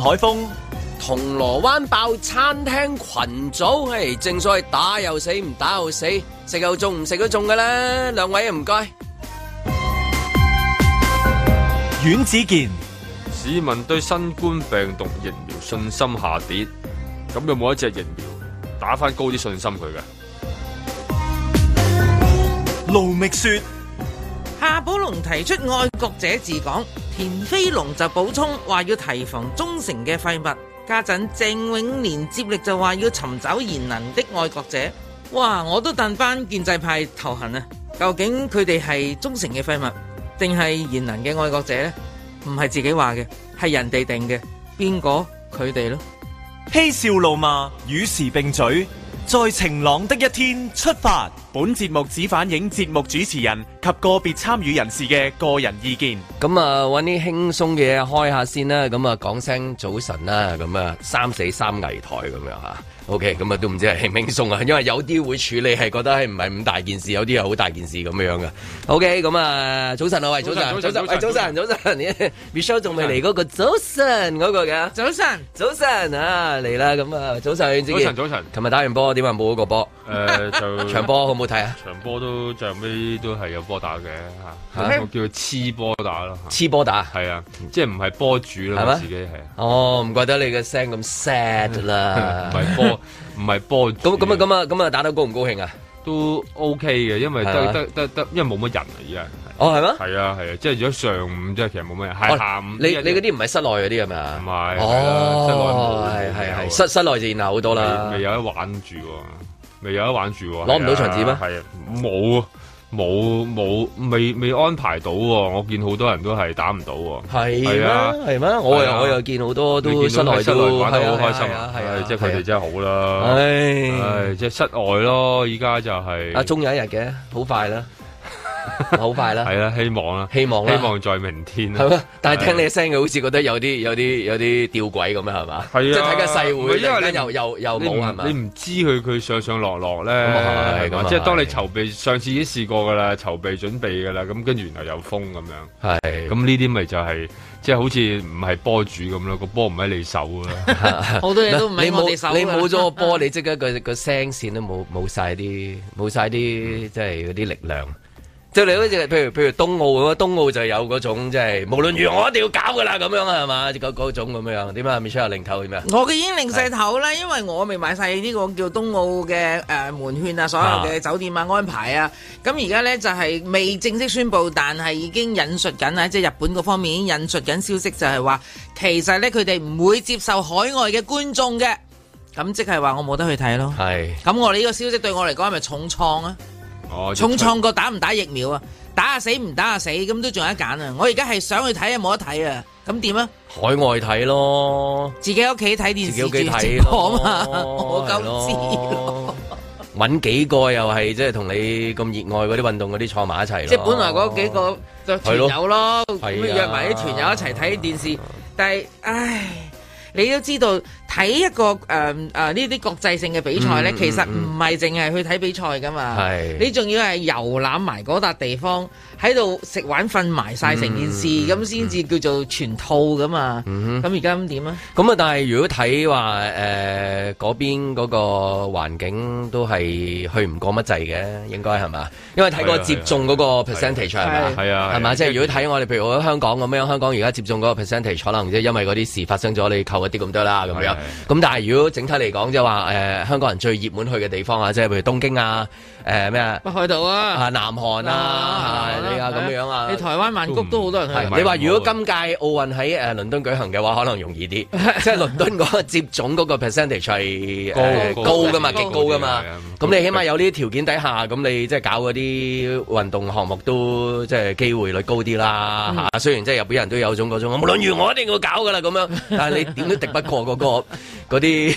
海峰，銅鑼灣爆餐廳群組，唉，hey，正所謂打又死，唔打又死，食又中唔食都中噶啦。兩位唔該。阮子健，市民對新冠病毒疫苗信心下跌，咁有冇一隻疫苗打翻高啲信心佢嘅？盧覓雪，夏寶龍提出愛國者治港。田飛龍就補充話，要提防忠誠嘅廢物，家陣鄭永年接力就話要尋找賢能的愛國者。哇！我都鄧翻建制派頭痕啊！究竟佢哋係忠誠嘅廢物，定係賢能嘅愛國者呢？唔係自己話嘅，係人哋定嘅，邊個？佢哋咯，嬉笑怒罵與時並嘴。在晴朗的一天出發。本節目只反映節目主持人及個別參與人士嘅個人意見。咁啊，揾啲輕鬆嘅嘢開下先啦。咁啊，講聲早晨啦。咁啊，三四三危台咁樣嚇。O.K. 咁啊，都唔知係輕鬆啊，因為有啲會處理係覺得係唔係咁大件事，有啲係好大件事咁樣噶。O.K. 咁啊，早晨啊，喂，早晨，早晨，早晨，早晨，Michelle 仲未嚟嗰個早晨嗰嘅，早晨，早晨啊，嚟啦，咁啊，早晨，早晨，早晨，早晨，琴日打完波點解冇嗰個波誒，就場波好唔好睇啊？場波都最後尾都係有波打嘅嚇，叫做黐波打咯，黐波打係啊，即係唔係波主咯，自己係啊。哦，唔怪得你嘅聲咁 sad 啦，唔係波。唔係波咁，咁啊，咁啊，咁啊，打得高唔高興啊？都 OK 嘅，因為得得得得，因為冇乜人啊，而家哦，係咩？係啊係啊，即係如果上午即係其實冇乜人，係下午你你嗰啲唔係室內嗰啲係咪啊？唔係，室內係係室室內自然鬧好多啦，未有得玩住，未有得玩住，攞唔到場紙咩？係啊，冇。冇冇未未安排到喎，我見好多人都係打唔到喎。係嗎啊，係咩？我又、啊、我又見好多都室外都玩得好開心啊，係啊，啊啊啊即係佢哋真係好啦。啊、唉，啊、即係室外咯，依家就係、是、啊，仲有一日嘅，好快啦。好快啦，係啦，希望啦，希望啦，希望在明天啦。但係聽你聲嘅，好似覺得有啲有啲有啲吊詭咁啊，係嘛？係啊，即係睇個社會。因為咧又又又冇係嘛？你唔知佢佢上上落落咧，係嘛？即係當你籌備，上次已經試過噶啦，籌備準備噶啦，咁跟住原來又封咁樣。係，咁呢啲咪就係即係好似唔係波主咁咯，個波唔喺你手啦。好多嘢都唔喺你手。你冇咗個波，你即刻個個聲線都冇冇晒、啲冇晒啲，即係嗰啲力量。即係你好似譬如譬如東奧咁，東奧就有嗰種即係，無論如何我一定要搞噶啦，咁樣係嘛？嗰嗰種咁樣樣，點解？未出下零頭點啊？我嘅已經零晒頭啦，因為我未買晒呢個叫東奧嘅誒門券啊，所有嘅酒店啊安排啊，咁而家咧就係、是、未正式宣布，但係已經引述緊啦，即係日本嗰方面已經引述緊消息就，就係話其實咧佢哋唔會接受海外嘅觀眾嘅，咁即係話我冇得去睇咯。係咁是，我呢個消息對我嚟講係咪重創啊？重創過打唔打疫苗啊？打下死唔打下死咁都仲有得揀啊！我而家係想去睇又冇得睇啊！咁點啊？海外睇咯，自己屋企睇電視，自己屋企睇啊嘛，咁咯。搵幾個又係即係同你咁熱愛嗰啲運動嗰啲坐埋一齊。即係本來嗰幾個就團友咯，咁約埋啲團友一齊睇電視，但係唉，你都知道。睇一個誒誒呢啲國際性嘅比賽咧，嗯嗯、其實唔係淨係去睇比賽噶嘛，你仲要係遊覽埋嗰笪地方，喺度是、呃、食玩瞓埋晒成件事，咁先至叫做全套噶嘛。咁而家咁點啊？咁啊，但係如果睇話誒嗰邊嗰個環境都係去唔過乜滯嘅，應該係嘛？因為睇過接種嗰個 percentage 係嘛？係啊，係嘛、啊？即係、就是、如果睇我哋譬如我喺香港咁樣，香港而家接種嗰、那個 percentage 可能即係因為嗰啲事發生咗，你扣一啲咁多啦咁樣。咁但係如果整體嚟講，即係話，誒，香港人最熱門去嘅地方啊，即係譬如東京啊。.誒咩啊？北海道啊，啊南韓啊，你啊咁樣啊？你台灣曼谷都好多人去。你話如果今屆奧運喺誒倫敦舉行嘅話，可能容易啲，即係倫敦嗰個接種嗰個 percentage 係高高噶嘛，極高噶嘛。咁你起碼有呢啲條件底下，咁你即係搞嗰啲運動項目都即係機會率高啲啦。嚇，雖然即係日本人都有種嗰種，我無論如我一定要搞噶啦咁樣，但係你點都敵不過嗰個。嗰啲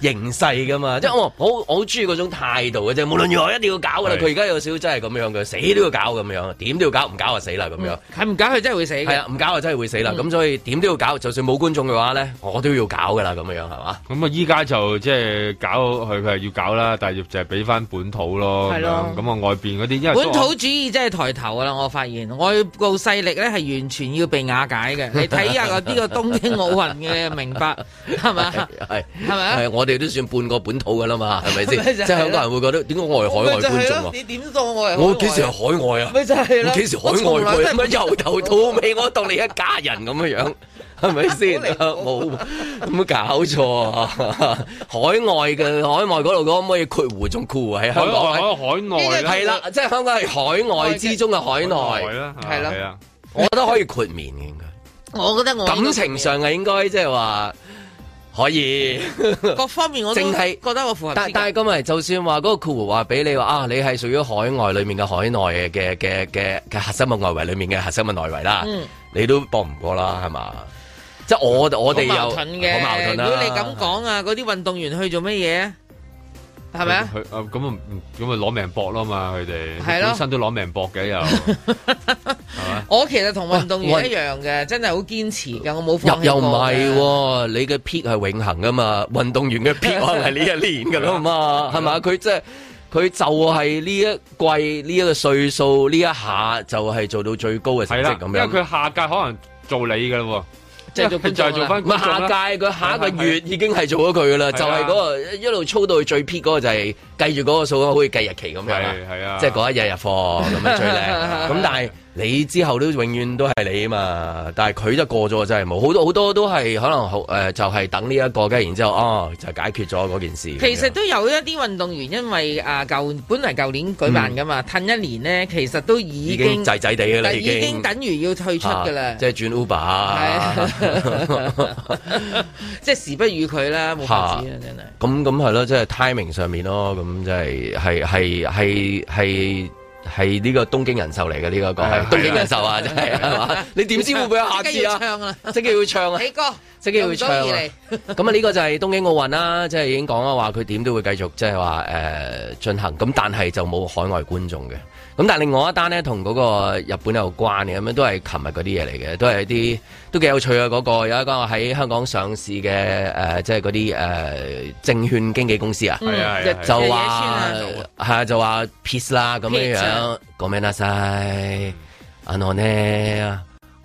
形勢噶嘛，即係我好我好中意嗰種態度嘅啫。無論如何，一定要搞噶啦。佢而家有少少真係咁樣嘅，死都要搞咁樣，點都要搞，唔搞就死啦咁樣。係唔搞佢真係會死。係啊，唔搞就真係會死啦。咁所以點都要搞，就算冇觀眾嘅話咧，我都要搞噶啦咁樣係嘛？咁啊，依家就即係搞佢，佢係要搞啦，但係就係俾翻本土咯。係咯。咁啊，外邊嗰啲本土主義真係抬頭噶啦，我發現外國勢力咧係完全要被瓦解嘅。你睇下個呢個東京奧運嘅明白係咪？係係咪係我哋都算半個本土噶啦嘛，係咪先？即係香港人會覺得點解我係海外觀眾？你點我幾時係海外啊？咪真係幾時海外？唔由頭到尾，我當你一家人咁樣樣，係咪先？冇咁搞錯啊！海外嘅海外嗰度，可唔可以括弧仲括弧喺香港？海外係啦，即係香港係海外之中嘅海外啦，係啊。我覺得可以豁免嘅，應該。我覺得我感情上係應該，即係話。可以、嗯，各方面我淨係是覺得我符合但。但但係咁咪就算話嗰個括弧話俾你話啊，你係屬於海外裏面嘅海外嘅嘅嘅嘅核心嘅外圍裏面嘅核心嘅外圍啦，嗯、你都搏唔過啦，係嘛？即係我、嗯、我哋有矛盾，啊、矛盾，如果你咁講啊，嗰啲運動員去做乜嘢？係咪啊？佢咁咁啊，攞命搏咯嘛！佢哋本身都攞命搏嘅又，係我其實同運動員一樣嘅，啊、真係好堅持嘅，我冇、呃、放又唔係、啊，你嘅 peak 係永恆噶嘛。運動員嘅 peak 可能係呢一年噶啦嘛，係嘛 吧？佢即係佢就係呢一季呢一、這個歲數呢一下就係做到最高嘅成績咁的樣，因為佢下屆可能做你噶啦。即係佢就係做翻，唔係下屆佢下一個月已經係做咗佢噶啦，對對對就係嗰、嗰個、個,個,對個一路操到去最撇 e 嗰個就係計住嗰個數，好似計日期咁樣，即係嗰一日日貨咁咪最靚。咁、 嗯、但係。你之後都永遠都係你啊嘛，但係佢就過咗真係冇好多好多都係可能誒、呃，就係、是、等呢、這、一個，嘅，然之後哦就解決咗嗰件事。其實都有一啲運動員因，因為啊舊本嚟舊年舉辦噶嘛，褪一年呢，其實都已經滯滯地啦，已經，已經等於要退出噶啦、啊，即係轉、o、Uber，即係是、啊、 時不如佢啦，冇法子啦、啊，真係。咁咁係咯，即係 timing 上面咯，咁即係係係係係。係呢個東京人壽嚟嘅呢個講，的東京人壽啊，真、就、係、是啊，係嘛？ 你點知會唔會有下次啊？正經會唱啊！正經會唱啊！起歌，正經會唱咁啊，呢個就係東京奧運啦，即係已經講咗話佢點都會繼續，即係話誒進行。咁但係就冇海外觀眾嘅。咁但係另外一單咧，同嗰個日本有關嘅咁樣，都係琴日嗰啲嘢嚟嘅，都係一啲都幾有趣啊、嗰個！嗰個有一個喺香港上市嘅誒，即係嗰啲誒證券經紀公司啊，就話係啊，就話 peace 啦咁樣樣講咩啦曬，嗰個咧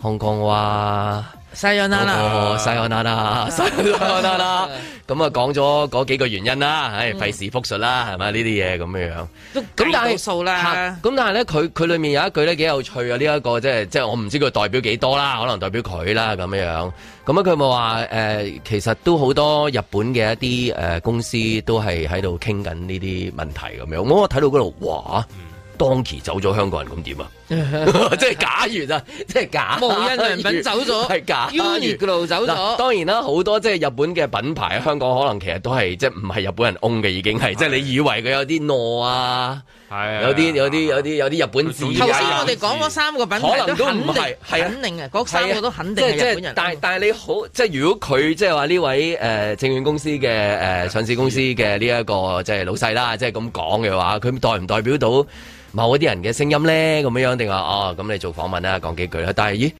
香港話。西漢娜啦，西漢娜啦，西漢娜啦，咁啊講咗嗰幾個原因啦，唉、哎，費事複述啦，係咪、嗯？呢啲嘢咁嘅樣，咁但係，咁但係咧，佢佢裏面有一句咧幾有趣啊，呢、這、一個即係即係我唔知佢代表幾多啦，可能代表佢啦咁嘅樣，咁啊佢咪話誒，其實都好多日本嘅一啲誒公司都係喺度傾緊呢啲問題咁樣，我睇到嗰度，哇！嗯當期走咗香港人咁點啊？即係假如啊，即係假無印良品走咗，係 假如。Uniqlo 走咗，當然啦，好多即係日本嘅品牌，香港可能其實都係即係唔係日本人 own 嘅，已經係的即係你以為佢有啲奈啊，的有啲有啲有啲有啲日本字、啊。頭先我哋講嗰三個品牌，可能都的肯定係肯定嘅嗰三個都肯定係日本人。但係但係你好，即係如果佢即係話呢位誒、呃、證券公司嘅誒、呃、上市公司嘅呢一個即係老細啦，即係咁講嘅話，佢代唔代表到？某嗰啲人嘅聲音咧，咁樣樣定話哦，咁、啊、你做訪問啦，講幾句啦。但係咦，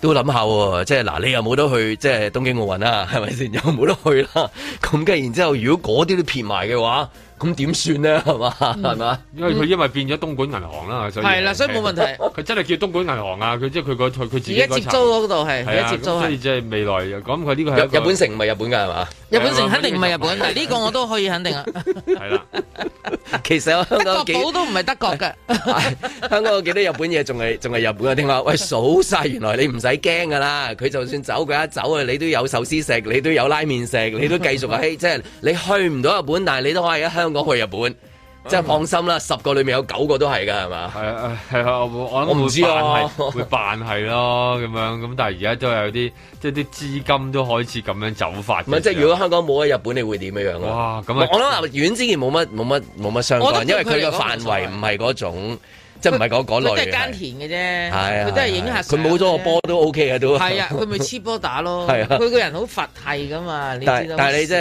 都諗下喎，即係嗱，你又冇得去，即係東京奧運啊，係咪先？又冇得去啦。咁跟然之後，如果嗰啲都撇埋嘅話，咁點算咧？係嘛？係嘛？因為佢因為變咗東莞銀行啦，所以係啦，所以冇問題。佢真係叫東莞銀行啊！佢即係佢個佢佢自己而家接租嗰度係，而家接租啊！所以即係未來講佢呢個係日本城唔係日本㗎係嘛？日本城肯定唔係日本㗎，呢個我都可以肯定啊！係啦，其實香港德國寶都唔係德國㗎。香港有幾多日本嘢仲係仲係日本㗎。聽話喂，數曬原來你唔使驚㗎啦。佢就算走佢一走啊，你都有壽司食，你都有拉麵食，你都繼續啊！嘿，即係你去唔到日本，但係你都可以喺香香港去日本，即係放心啦，嗯、十個裏面有九個都係噶，係嘛？係啊係啊，我我唔知啊，會扮係咯咁樣，咁但係而家都有啲，即係啲資金都開始咁樣走法。唔係，即係如果香港冇喺日本，你會點樣樣啊？哇！咁我諗遠之前冇乜冇乜冇乜相關，因為佢個範圍唔係嗰種。即係唔係講講類？佢都係耕田嘅啫。係啊，佢都係影下。佢冇咗個波都 OK 嘅都。係啊，佢咪黐波打咯。係啊，佢個人好佛系噶嘛，你知道。但係但係你即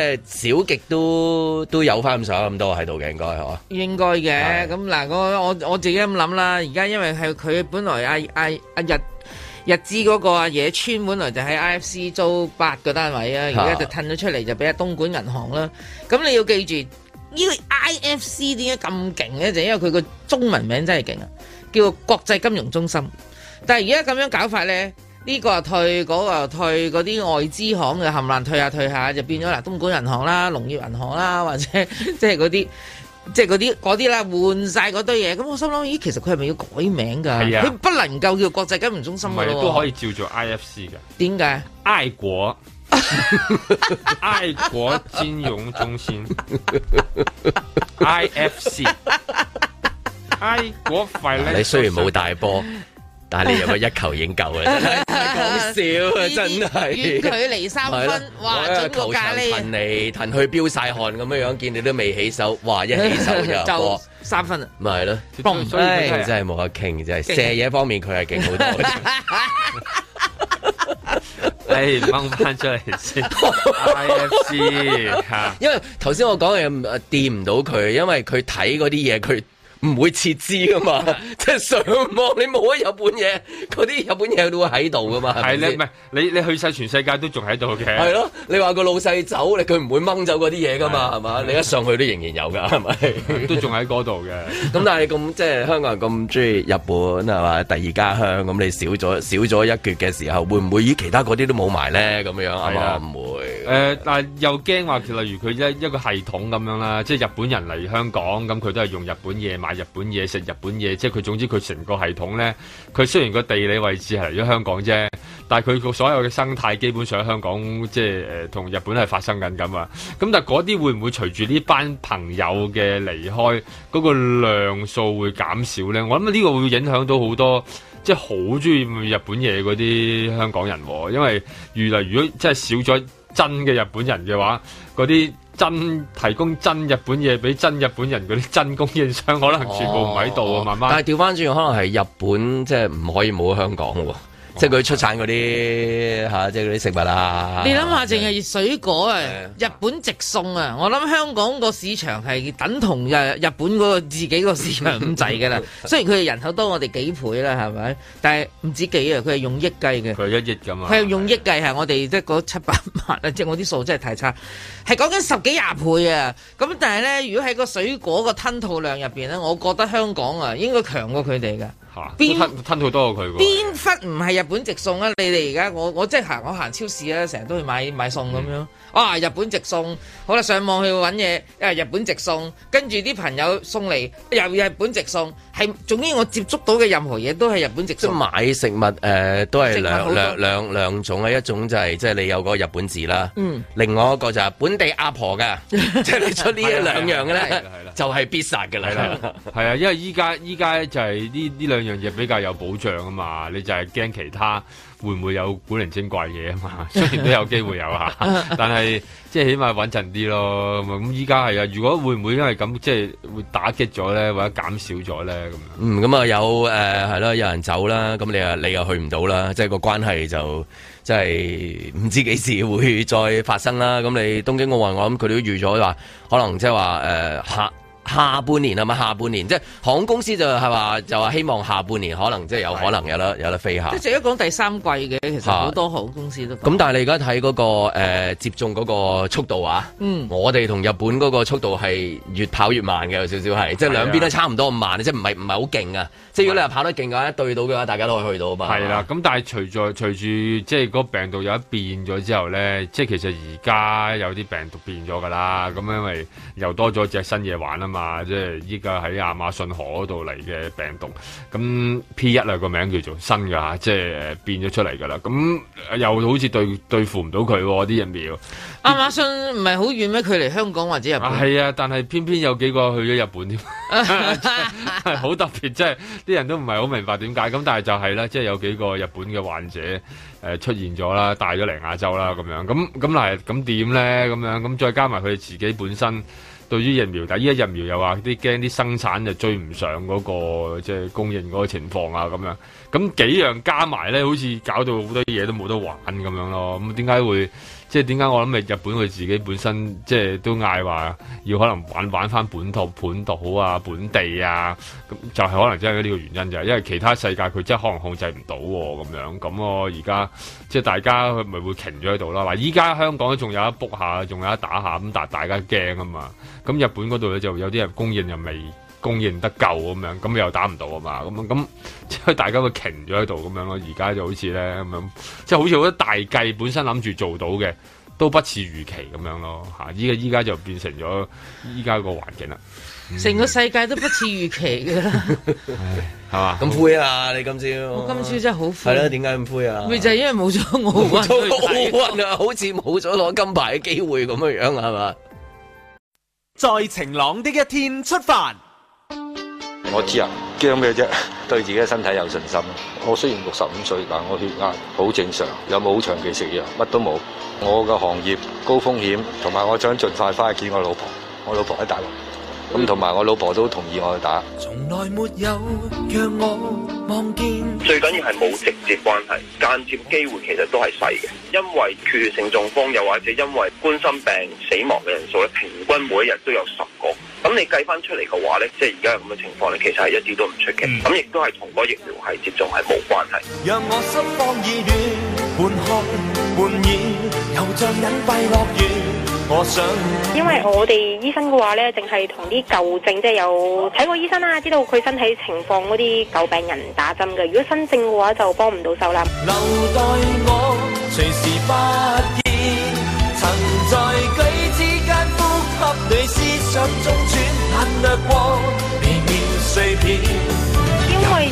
係少極都都有翻咁上下咁多喺度嘅，應該係嘛？應該嘅。咁嗱，我我我自己咁諗啦。而家因為係佢本來啊啊啊日日資嗰個啊野村，本來就喺 IFC 租八個單位啊，而家就褪咗出嚟，就俾啊東莞銀行啦。咁你要記住。個呢個 IFC 點解咁勁咧？就是、因為佢個中文名真係勁啊，叫國際金融中心。但係而家咁樣搞法咧，呢、這個退，嗰、那個退，啲、那個、外資行嘅冚亂退下退下，就變咗嗱，東莞銀行啦、農業銀行啦，或者即係嗰啲即係啲啲啦，換晒嗰堆嘢。咁我心諗，咦，其實佢係咪要改名噶？佢、啊、不能夠叫國際金融中心。唔係，都可以照做 IFC 噶。點解？愛果？ 愛國金融中心，IFC，愛國你、啊。你雖然冇大波，但係你有去一球影經夠啦，好笑啊！真係距佢離三分，哇！一球球噴你，噴佢飆晒汗咁樣樣，見你都未起手，哇！一起手入三分啊！咪係咯，所以呢樣真係冇得傾，真係射嘢方面佢係勁好多。 哎，掹翻 出嚟先，IFC 嚇，因為頭先我講嘅嘢誒掂唔到佢，因為佢睇嗰啲嘢佢。唔會撤資噶嘛？即係上網你冇啊，日本嘢嗰啲日本嘢都會喺度噶嘛？係咧，唔係你你去晒全世界都仲喺度嘅。係咯，你話個老細走，你佢唔會掹走嗰啲嘢噶嘛？係嘛？你一上去都仍然有㗎，係咪？都仲喺嗰度嘅。咁但係咁即係香港人咁中意日本係嘛？第二家鄉咁，你少咗少咗一橛嘅時候，會唔會以其他嗰啲都冇埋咧？咁樣係啊，唔會。誒，但係又驚話，例如佢一一個系統咁樣啦，即係日本人嚟香港咁，佢都係用日本嘢買。日本嘢食日本嘢，即係佢總之佢成個系統咧，佢雖然個地理位置係嚟咗香港啫，但係佢個所有嘅生態基本上香港即係誒同日本係發生緊咁啊，咁但係嗰啲會唔會隨住呢班朋友嘅離開，嗰個量數會減少咧？我諗呢個會影響到好多，即係好中意日本嘢嗰啲香港人，因為如嚟如果即係少咗真嘅日本人嘅話，嗰啲。真提供真日本嘢俾真日本人嗰啲真供應商，可能全部唔喺度啊！慢慢、哦，媽媽但係調翻轉，可能係日本即係唔可以冇香港喎。即係佢出產嗰啲嚇，即係啲食物啦、啊。你諗下，淨係水果啊，是日本直送啊！我諗香港個市場係等同日日本嗰個自己個市場咁滯㗎啦。雖然佢哋人口多我哋幾倍啦，係咪？但係唔止幾啊，佢係用億計嘅。佢係一億咁啊！佢係用億計係我哋即係嗰七百萬啊！即係我啲數真係太差，係講緊十幾廿倍啊！咁但係咧，如果喺個水果個吞吐量入邊咧，我覺得香港啊應該強過佢哋㗎。邊、啊、邊吞吞吐多佢？邊忽唔係日本直送啊！你哋而家我我即係行我行超市啊，成日都去買買餸咁樣。嗯啊，日本直送，好啦，上網去搵嘢，又、啊、日本直送，跟住啲朋友送嚟，又日本直送，係總之我接觸到嘅任何嘢都係日本直送。即買食物誒、呃，都係兩兩兩兩,兩種啊，一種就係即係你有個日本字啦，嗯、另外一個就係本地阿婆嘅，即係 你出呢一兩樣嘅咧，就係必殺嘅啦。係啦、啊，係啊，啊，啊，啊，啊，啊，因為依家依家就係呢呢兩樣嘢比較有保障啊嘛，你就係驚其他。會唔會有古靈精怪嘢啊嘛？雖然都有機會有嚇，但係即係起碼穩陣啲咯。咁依家係啊，如果會唔會因為咁即係會打擊咗咧，或者減少咗咧咁嗯，咁啊有誒係咯，有人走啦，咁你啊你又去唔到啦，即係個關係就即係唔知幾時會再發生啦。咁你東京奧運，我諗佢哋都預咗話，可能即係話誒吓。呃下半年啊嘛，下半年即係航空公司就係、是、話就話希望下半年可能即係有可能有得有得飛下。即係一講第三季嘅，其實多好多航空公司都咁。但係你而家睇嗰個誒、呃、接種嗰個速度啊，嗯、我哋同日本嗰個速度係越跑越慢嘅，有少少係，即係兩邊都差唔多咁慢，即係唔係唔係好勁啊。即係如果你話跑得勁嘅話，一對到嘅話，大家都可以去到啊嘛。係啦、啊，咁但係隨在隨住即係嗰病毒有一變咗之後咧，即係其實而家有啲病毒變咗噶啦，咁因為又多咗隻新嘢玩啊 嘛，即係依家喺亞馬遜河度嚟嘅病毒，咁 P 一啊個名叫做新嘅吓，即係變咗出嚟噶啦，咁又好似對對付唔到佢啲疫苗。亞馬遜唔係好遠咩？佢嚟香港或者日本係啊，啊，但係偏偏有幾個去咗日本添，好 特別，即係啲人都唔係好明白點解。咁但係就係、是、啦，即係有幾個日本嘅患者誒出現咗啦，帶咗嚟亞洲啦，咁樣咁咁嚟咁點咧？咁樣咁再加埋佢自己本身。對於疫苗，但係依家疫苗又話啲驚啲生產就追唔上嗰，那個即係、就是、供應嗰個情況啊，咁樣，咁幾樣加埋咧，好似搞到好多嘢都冇得玩咁樣咯。咁點解會？即係點解我諗日本佢自己本身即係都嗌話要可能玩玩翻本土、本土啊、本地啊，咁就係可能真係呢個原因，就係因為其他世界佢真係可能控制唔到喎咁樣，咁我而家即係大家咪會停咗喺度啦。嗱，依家香港仲有一卜下，仲有一打下，咁但係大家驚啊嘛。咁日本嗰度咧就有啲人供應又未。供應得夠咁樣，咁又打唔到啊嘛，咁咁即係大家個停咗喺度咁樣咯。而家就好似咧咁樣，即係好似好多大計本身諗住做到嘅，都不似預期咁樣咯。吓，依家依家就變成咗依家個環境啦。成個世界都不似預期噶啦，係嘛？ 咁灰啊！好你今朝我今朝真係好灰。係啦，點解咁灰啊？咪就係因為冇咗奧運，冇咗奧運啊，好似冇咗攞金牌嘅機會咁樣樣，係嘛？在晴朗的一天出發。我知啊，驚咩啫？對自己嘅身體有信心。我雖然六十五歲，但我血壓好正常，有冇長期食藥？乜都冇。我嘅行業高風險，同埋我想盡快返去見我老婆。我老婆喺大陸。咁同埋我老婆都同意我去打。從來沒有讓我望見。最緊要係冇直接關係，間接機會其實都係細嘅。因為缺血性中風又或者因為冠心病死亡嘅人數咧，平均每一日都有十個。咁你計翻出嚟嘅話咧，即係而家咁嘅情況咧，其實係一啲都唔出奇。咁亦、嗯、都係同個疫苗係接種係冇關係。讓我意，又像隱蔽樂園。我想因為我哋醫生嘅話呢，淨係同啲舊症，即係有睇過醫生啦、啊，知道佢身體情況嗰啲舊病人打針嘅。如果新症嘅話，就幫唔到手啦。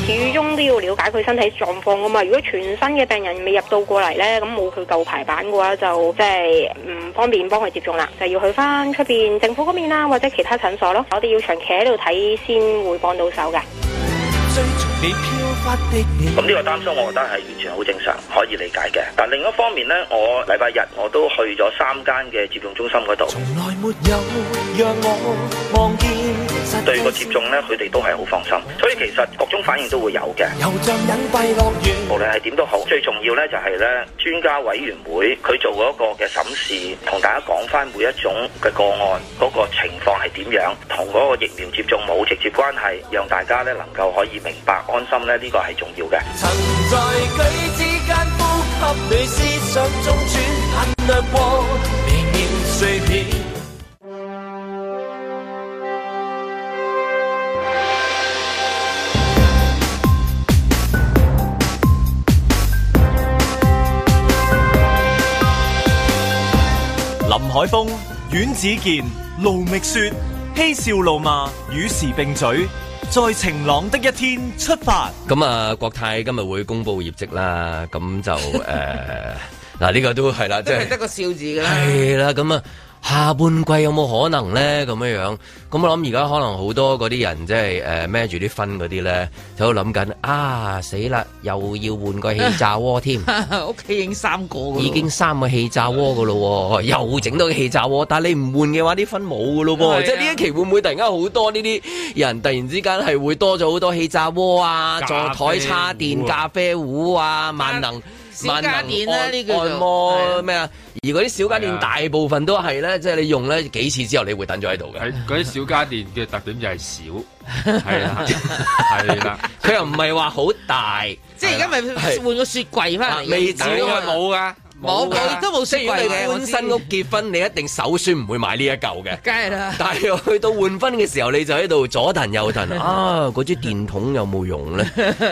始終都要了解佢身體狀況啊嘛，如果全新嘅病人未入到過嚟呢，咁冇佢夠排版嘅話，就即係唔方便幫佢接種啦，就要去翻出邊政府嗰邊啦，或者其他診所咯。我哋要長期喺度睇先會幫到手嘅。咁呢個擔心，我覺得係完全好正常，可以理解嘅。但另一方面呢，我禮拜日我都去咗三間嘅接種中心嗰度。從來沒有讓我對個接種咧，佢哋都係好放心，所以其實各種反應都會有嘅。無論係點都好，最重要咧就係咧，專家委員會佢做嗰個嘅審視，同大家講翻每一種嘅個案嗰個情況係點樣，同嗰個疫苗接種冇直接關係，讓大家咧能夠可以明白安心咧，呢個係重要嘅。海峰、阮子健、盧覓雪、嬉笑怒罵、與時並嘴、在晴朗的一天出發。咁啊，國泰今日會公布業績啦，咁就誒，嗱、呃、呢、 啊這個都係啦，即係得個笑字啦，係啦，咁啊。下半季有冇可能咧咁樣樣？咁我諗而家可能好多嗰啲人即係誒，孭住啲分嗰啲咧，喺度諗緊啊死啦，又要換個氣炸鍋添！屋企 已經三個，已經三個氣炸鍋噶咯，又整到個氣炸鍋。但係你唔換嘅話，啲分冇噶咯噃。啊、即係呢一期會唔會突然間好多呢啲人突然之間係會多咗好多氣炸鍋啊、座檯叉電、咖啡壺啊、萬能。小家電啦，呢個按摩咩啊？而嗰啲小家電大部分都係咧，即係你用咧幾次之後，你會等咗喺度嘅。嗰啲小家電嘅特點就係少，係啦，係啦，佢又唔係話好大，即係而家咪換個雪櫃翻嚟未？少啊，冇啊。我個都冇識嘅，換新屋結婚你一定首選唔會買呢一舊嘅，梗係啦。但係去到換婚嘅時候，你就喺度左揼右揼 啊！嗰支電筒有冇用咧？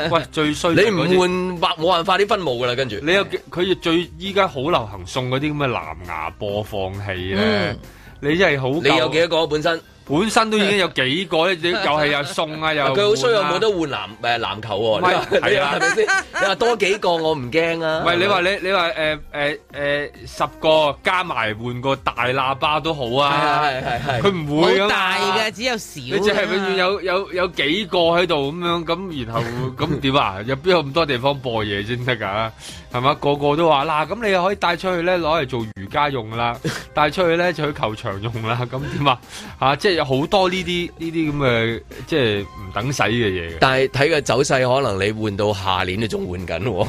喂，最衰你唔換，冇冇辦法啲分冇㗎啦，跟住。你有佢最依家好流行送嗰啲咁嘅藍牙播放器咧，嗯、你真係好。你有幾多個本身？本身都已經有幾個咧，又係又送啊又，佢好衰，有冇得換籃誒籃球喎？唔係，係啦，係咪先？你話多幾個我唔驚啊。喂你話你你話誒誒誒十個加埋換個大喇叭都好啊！係係係，佢唔會啊嘛？大嘅只有小。你即係永遠有有有幾個喺度咁樣咁，然後咁點啊？入邊有咁多地方播嘢先得㗎？係嘛？個個都話嗱，咁你又可以帶出去咧攞嚟做瑜伽用啦，帶出去咧就去球場用啦，咁點啊？嚇即係。有好多呢啲呢啲咁嘅即係唔等使嘅嘢，但係睇個走勢，可能你換到下年都仲換緊。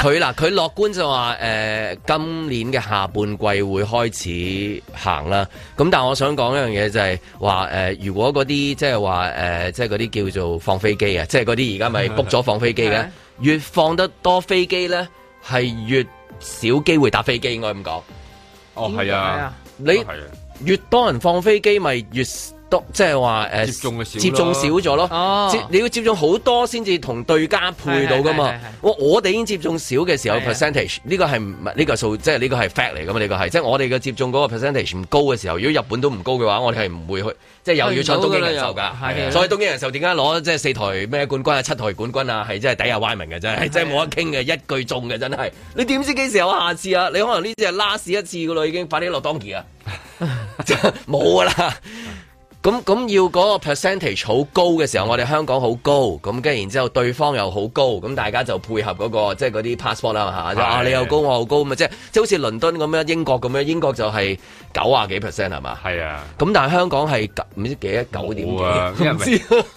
佢 嗱， 佢樂觀就話誒、呃，今年嘅下半季會開始行啦。咁但係我想講一樣嘢，就係話誒，如果嗰啲即係話誒，即係嗰啲叫做放飛機啊，即係嗰啲而家咪 book 咗放飛機嘅， 嗎越放得多飛機咧，係越少機會搭飛機，應該咁講。哦，係啊，你，係啊。越多人放飛機，咪越多，即係話誒接種少，接種少咗咯、啊。你要接種好多先至同對家配到噶嘛、哦。我哋已經接種少嘅時候 percentage，呢個係唔呢個數，fact, 個即係呢個係 fact 嚟噶嘛。呢個係即係我哋嘅接種嗰個 percentage 唔高嘅時候，如果日本都唔高嘅話，我哋係唔會去，即係又要搶東京人壽噶。是是是是，所以東京人壽點解攞即係四台咩冠軍啊，七台冠軍啊，係真係底下歪明嘅真係，是的 的真係冇得傾嘅一句中嘅真係。你點知幾時有下次啊？你可能呢只係 last 一次噶啦，已經快啲落當期啊！ 就冇噶啦。咁咁要嗰、那個 percentage 好高嘅時候，我哋香港好高，咁跟然之後對方又好高，咁大家就配合嗰、那個即係嗰啲 passport 啦嚇，的啊你又高我又高，咁即係即係好似倫敦咁樣英國咁樣，英國就係的九啊幾 percent 係嘛？係啊。咁但係香港係唔知幾多九點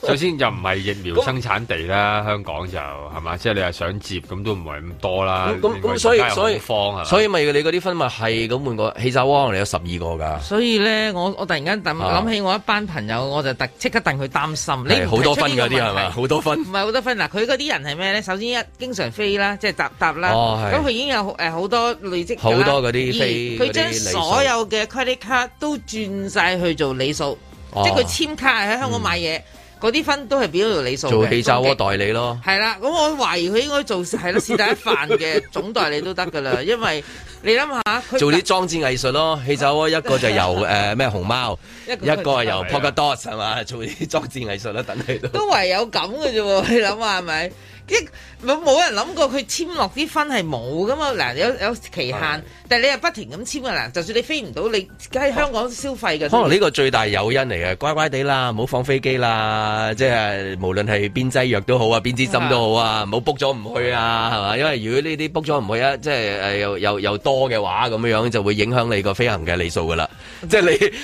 首先又唔係疫苗生產地啦，嗯、香港就係嘛，即係你話想接咁都唔係咁多啦。咁咁、嗯嗯、所以所以方啊，所以咪你嗰啲分咪係咁換個氣炸鍋，你有十二個㗎。所以咧，我我突然間諗起我一。班朋友我就特即刻戥佢擔心，呢是，好多分嗰啲係咪？好多分唔係好多分嗱，佢嗰啲人係咩咧？首先一經常飛啦，即係搭搭啦，咁佢、哦、已經有誒好多累積，好多嗰啲飛。佢將所有嘅 credit card 都轉晒去做理數，哦、即係佢簽卡喺香港買嘢。嗯嗰啲分都係畀咗做理數做氣炸鍋代理咯。係啦擊，咁 我懷疑佢應該做係啦，是第一範嘅總代理都得噶啦。因為你諗下佢做啲裝置藝術咯，氣炸鍋一個就由誒咩、呃、熊貓， 一個係由 Pocatot 係嘛，做啲裝置藝術啦，等你 都唯有咁嘅啫喎， 你諗下係咪？即冇冇人諗過佢簽落啲分係冇噶嘛？嗱有有期限，的但係你又不停咁簽噶啦。就算你飛唔到，你喺香港消費噶。可能呢個最大誘因嚟嘅，乖乖地啦，唔好放飛機啦。即係無論係邊劑藥都好啊，邊支針都好啊，唔好 book 咗唔去啊，係嘛？因為如果呢啲 book 咗唔去啊，即係誒又又又多嘅話咁樣樣，就會影響你個飛行嘅里數噶啦。即係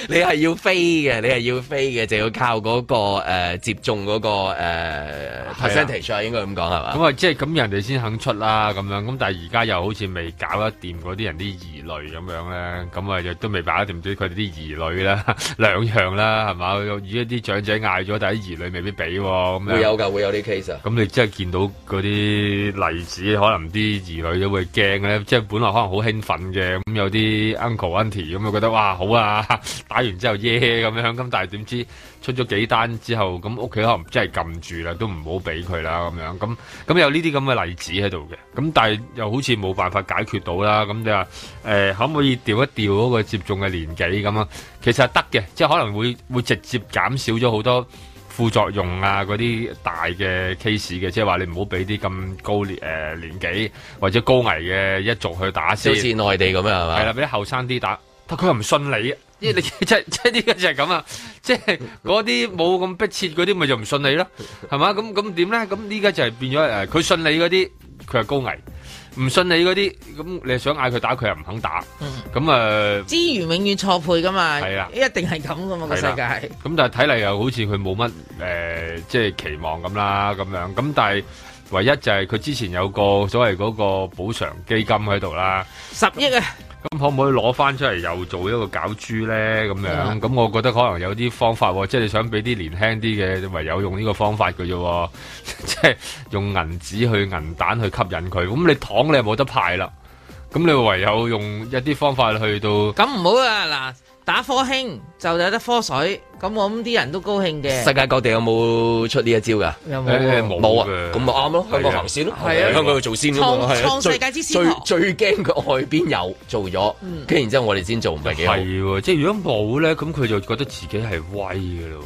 你你係要飛嘅，你係要飛嘅，就要靠嗰、那個誒、呃、接種嗰、那個誒 percentage 啊，應該咁講咁啊，即係咁人哋先肯出啦，咁樣咁，但係而家又好似未搞得掂嗰啲人啲兒女咁樣咧，咁啊又都未搞得掂啲佢哋啲兒女啦，兩樣啦，係嘛？如果啲長者嗌咗，但係兒女未必俾、啊，咁樣，會有㗎、嗯，會有啲 case 啊。咁你真係見到嗰啲例子，可能啲兒女都會驚咧，即係本來可能好興奮嘅，咁有啲 uncle auntie 咁，auntie，就覺得哇好啊，打完之後耶咁、yeah，樣，咁但係點知？出咗幾單之後，咁屋企可能真係撳住啦，都唔好俾佢啦咁樣。咁咁有呢啲咁嘅例子喺度嘅。咁但係又好似冇辦法解決到啦。咁你話誒可唔可以調一調嗰個接種嘅年紀咁啊？其實得嘅，即係可能會會直接減少咗好多副作用啊嗰啲大嘅 case 嘅。即係話你唔好俾啲咁高年誒年紀或者高危嘅一族去打先。好似內地咁樣係嘛，係啦，俾啲後生啲打，但佢又唔信你即係你即係即係呢個就係咁啊！即係嗰啲冇咁迫切嗰啲，咪就唔信你咯，係嘛？咁咁點咧？咁呢個就係變咗誒，佢信你嗰啲，佢係高危；唔信你嗰啲，咁你想嗌佢打，佢又唔肯打。咁啊，資源永遠錯配噶嘛，係啊，一定係咁噶嘛，個世界。咁但係睇嚟又好似佢冇乜誒，即係期望咁啦，咁樣。咁但係唯一就係佢之前有個所謂嗰個補償基金喺度啦，十億啊！咁可唔可以攞翻出嚟又做一個搞豬呢？咁樣咁 Yeah.、嗯，我覺得可能有啲方法喎，即你想俾啲年輕啲嘅，唯有用呢個方法嘅啫，即 係用銀紙去銀彈去吸引佢。咁、嗯、你糖你又冇得派啦，咁、嗯、你唯有用一啲方法去到。咁唔好啊嗱。打科興就有得科水，咁我諗啲人都高興嘅。世界各地有冇出呢一招噶？有冇？冇啊！咁咪啱咯，香港行先咯，喺香港度做先咯，創世界之先。最最驚佢外邊有做咗，跟然之後我哋先做唔係幾好。係喎，即係如果冇咧，咁佢就覺得自己係威噶咯。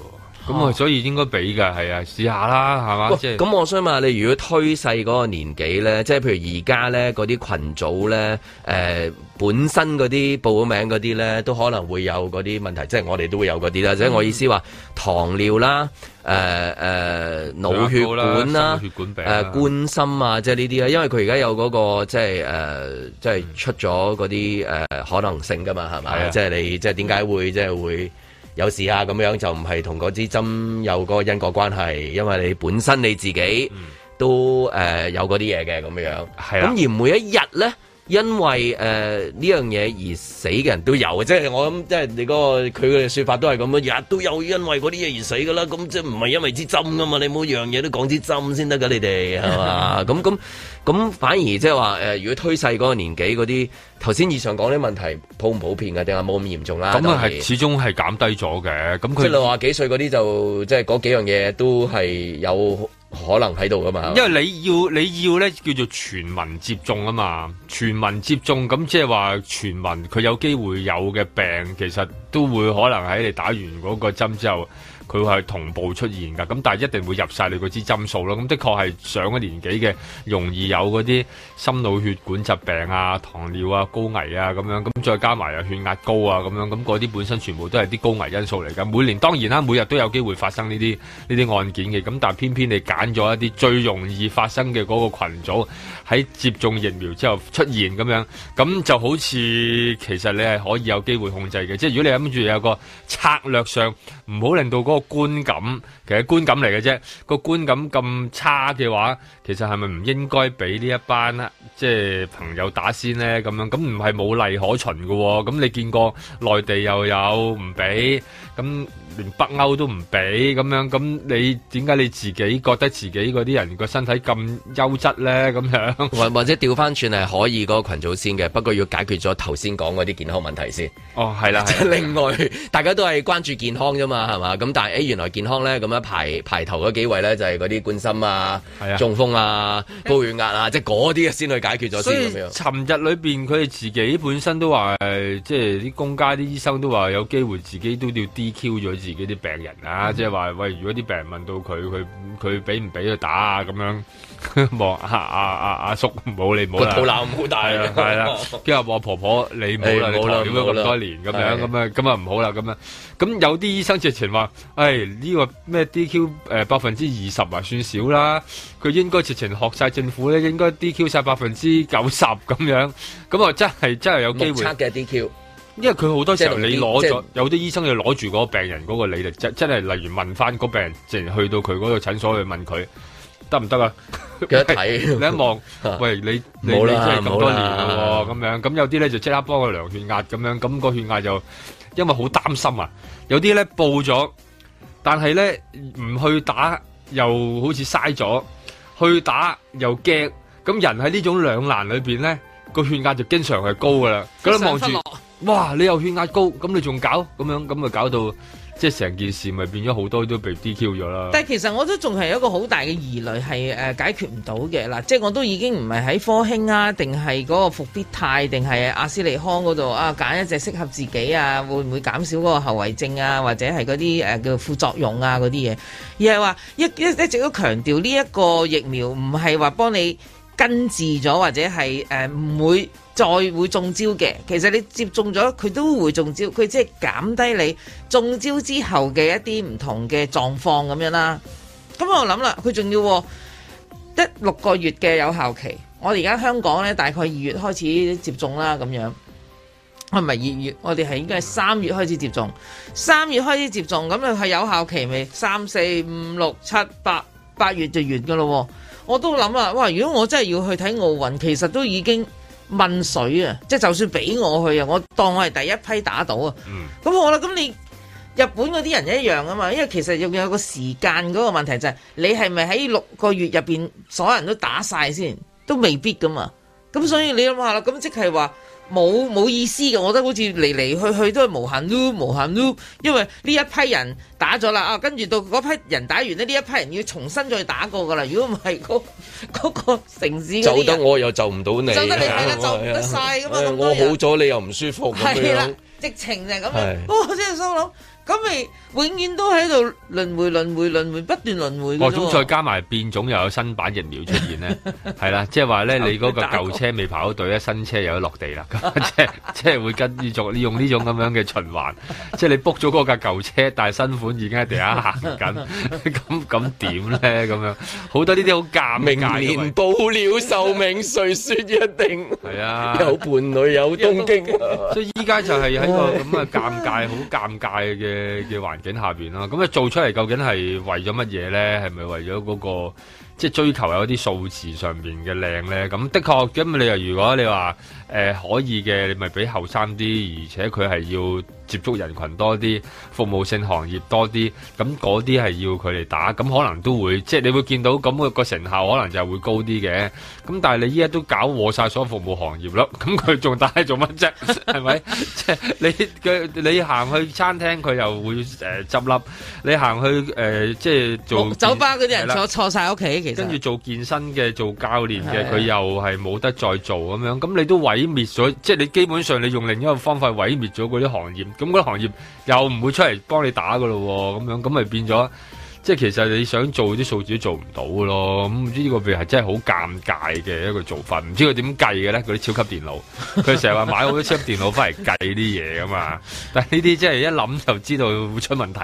咁啊，所以應該俾㗎，係啊，試下啦，係嘛？咁我想問下你，如果推細嗰個年紀咧，即係譬如而家咧，嗰啲群組咧，誒本身嗰啲報名嗰啲咧，都可能會有嗰啲問題，即係我哋都會有嗰啲啦。即係我意思話，糖尿啦，誒誒腦血管啦，血管病誒冠心啊，即係呢啲啊，因為佢而家有嗰個即係誒，即係出咗嗰啲誒可能性㗎嘛，係咪？即係你即係點解會即係會？有時啊咁樣就唔係同嗰支針有嗰個因果關係，因為你本身你自己都誒有嗰啲嘢嘅咁樣，係啦。咁而每一日咧。因為誒呢、呃、樣嘢而死嘅人都有，即係我諗即係你嗰、嗰個，佢嘅說法都係咁啊，日都有因為嗰啲嘢而死噶啦，咁即係唔係因為支針噶嘛。嗯、你每樣嘢都講支針先得噶，你哋係嘛？咁咁咁反而即係話誒，如果推細嗰個年紀嗰啲，頭先以上講啲問題普唔普遍噶定係冇咁嚴重啦？咁啊係始終係減低咗嘅，咁佢即係六廿幾歲嗰啲就即係嗰幾樣嘢都係有。可能喺度噶嘛，因為你要你要呢，叫做全民接種啊嘛，全民接種咁即係話全民佢有機會有嘅病，其實都會可能喺你打完嗰個針之後。佢係同步出現噶，咁但係一定會入晒你嗰支針數咯。咁的確係上咗年紀嘅，容易有嗰啲心腦血管疾病啊、糖尿啊、高危啊咁樣。咁再加埋又血壓高啊咁樣。咁嗰啲本身全部都係啲高危因素嚟噶。每年當然啦，每日都有機會發生呢啲呢啲案件嘅。咁但係偏偏你揀咗一啲最容易發生嘅嗰個羣組。喺接種疫苗之後出現咁樣，咁就好似其實你係可以有機會控制嘅。即係如果你諗住有個策略上，唔好令到嗰個觀感，其實觀感嚟嘅啫。個觀感咁差嘅話，其實係咪唔應該俾呢一班即係朋友打先呢？咁樣咁唔係無例可循嘅喎。咁你見過內地又有唔俾咁？連北歐都唔俾咁樣，咁你點解你自己覺得自己嗰啲人個身體咁優質咧？咁樣或，或者調翻轉係可以嗰個羣組先嘅，不過要解決咗頭先講嗰啲健康問題先。哦，係啦、啊，即係、啊啊啊、 另外大家都係關注健康啫嘛，係嘛？咁但係誒、欸，原來健康咧咁樣排排頭嗰幾位咧就係嗰啲冠心啊、啊中風啊、高血壓啊，即係嗰啲先去解決咗先。所以，尋日裏邊佢哋自己本身都話，即係啲公家啲醫生都話有機會自己都要 DQ 咗。自己啲病人啊，即係話喂，如果啲病人問到佢，佢佢俾唔俾佢打啊？咁樣望阿阿阿阿叔，唔好你唔好啦，個肚腩咁好大、 啊，係啦、啊，跟住話婆婆你唔好啦，哎、你陪咗咁多年，咁了樣咁啊，咁啊唔好啦，咁樣咁有啲醫生直情話，哎呢、這個咩 DQ 誒百分之二十還算少啦，佢應該直情學晒政府咧，應該 DQ 晒百分之九十咁樣，咁啊真係真係有機會。目測嘅 DQ 因為佢好多時候你攞咗有啲醫生要攞住嗰個病人嗰個履歷，即真係例如問翻個病人，直去到佢嗰個診所去問佢得唔得啊？佢一睇你一望，喂，你你真係咁多年啦，咁樣咁有啲咧就即刻幫佢量血壓咁樣，咁個血壓就因為好擔心啊。有啲咧報咗，但係咧唔去打又好似嘥咗，去打又驚。咁人喺呢種兩難裏邊咧，個血壓就經常係高噶啦。咁樣望住。哇！你又血壓高，咁你仲搞咁樣，咁咪搞到即係成件事咪變咗好多，都被 DQ 咗啦。但係其實我都仲係有一個好大嘅疑慮，係誒解決唔到嘅喇，即係我都已經唔係喺科興啊，定係嗰個復必泰，定係阿斯利康嗰度啊，揀一隻適合自己啊，會唔會減少嗰個後遺症啊，或者係嗰啲誒叫副作用啊嗰啲嘢，而係話一一一直都強調呢一個疫苗唔係話幫你根治咗，或者係誒唔會。再會中招嘅，其實你接種咗佢都會中招，佢即係減低你中招之後嘅一啲唔同嘅狀況咁樣啦。咁我諗啦，佢仲要得六個月嘅有效期。我哋而家香港呢，大概二月開始接種啦，咁樣，唔係二月，我哋係應該係三月開始接種。三月開始接種，咁樣係有效期未？三四五六七八八月就完噶咯。我都諗啦，哇！如果我真係要去睇奧運，其實都已經。問水啊！即係就算俾我去啊，我當我係第一批打到啊！咁、嗯、好啦，咁你日本嗰啲人一樣啊嘛，因為其實要有個時間嗰個問題就係、是、你係咪喺六個月入邊所有人都打晒先，都未必㗎嘛。咁所以你諗下啦，咁即係話。冇冇意思嘅，我覺得好似嚟嚟去去都係無限 loop 無限 loop，因為呢一批人打咗啦，啊跟住到嗰批人打完呢，呢一批人要重新再打過噶啦，如果唔係個嗰、嗰個城市就得我又就唔到你，就得你睇啦就唔得晒噶嘛，我，呀我好咗你又唔舒服，係啦直情就係咁，哇真係收攞咁咪。永遠都喺度輪迴輪迴輪迴不斷輪迴嘅，嗰種再加埋變種又有新版疫苗出現咧，係啦， 即係話咧，你嗰個舊車未排好隊咧，新車又要落地啦，即係即係會跟住種這、就是、你用呢種咁樣嘅循環，即係你 book 咗嗰架舊車，但係新款已經喺地下行緊，咁咁點咧？咁、嗯嗯、樣好、嗯、多呢啲好尷尬，明年到了壽命誰說一定？係啊的，好伴侶有東京， 所以依家就係喺個咁嘅尷尬好尷尬嘅嘅環。 下邊啦，咁你做出嚟究竟係為咗乜嘢咧？係咪為咗嗰個即係追求有啲數字上邊嘅靚咧？咁的確，咁你又如果你話。誒可以嘅，你咪俾後生啲，而且佢係要接觸人羣多啲，服務性行業多啲，咁嗰啲係要佢哋打，咁可能都會，即係你會見到咁嘅個成效，可能就係會高啲嘅。咁但係你依家都搞和曬所有服務行業咯，咁佢仲打係做乜啫？係咪？即係你佢你行去餐廳，佢又會誒執笠。你行去誒，即係做酒吧嗰啲人坐錯曬屋企，其實跟住做健身嘅、做教練嘅，佢又係冇得再做咁樣。咁你都為滅咗，即係你基本上你用另一個方法毀滅咗嗰啲行業，咁嗰啲行業又唔會出嚟幫你打噶咯，咁樣咁咪變咗，即係其實你想做啲數字都做唔到噶咯。咁唔知呢個邊係真係好尷尬嘅一個做法，唔知佢點計嘅咧？嗰啲超級電腦，佢成日話買好多超級電腦翻嚟計啲嘢噶嘛，但係呢啲真係一諗就知道會出問題，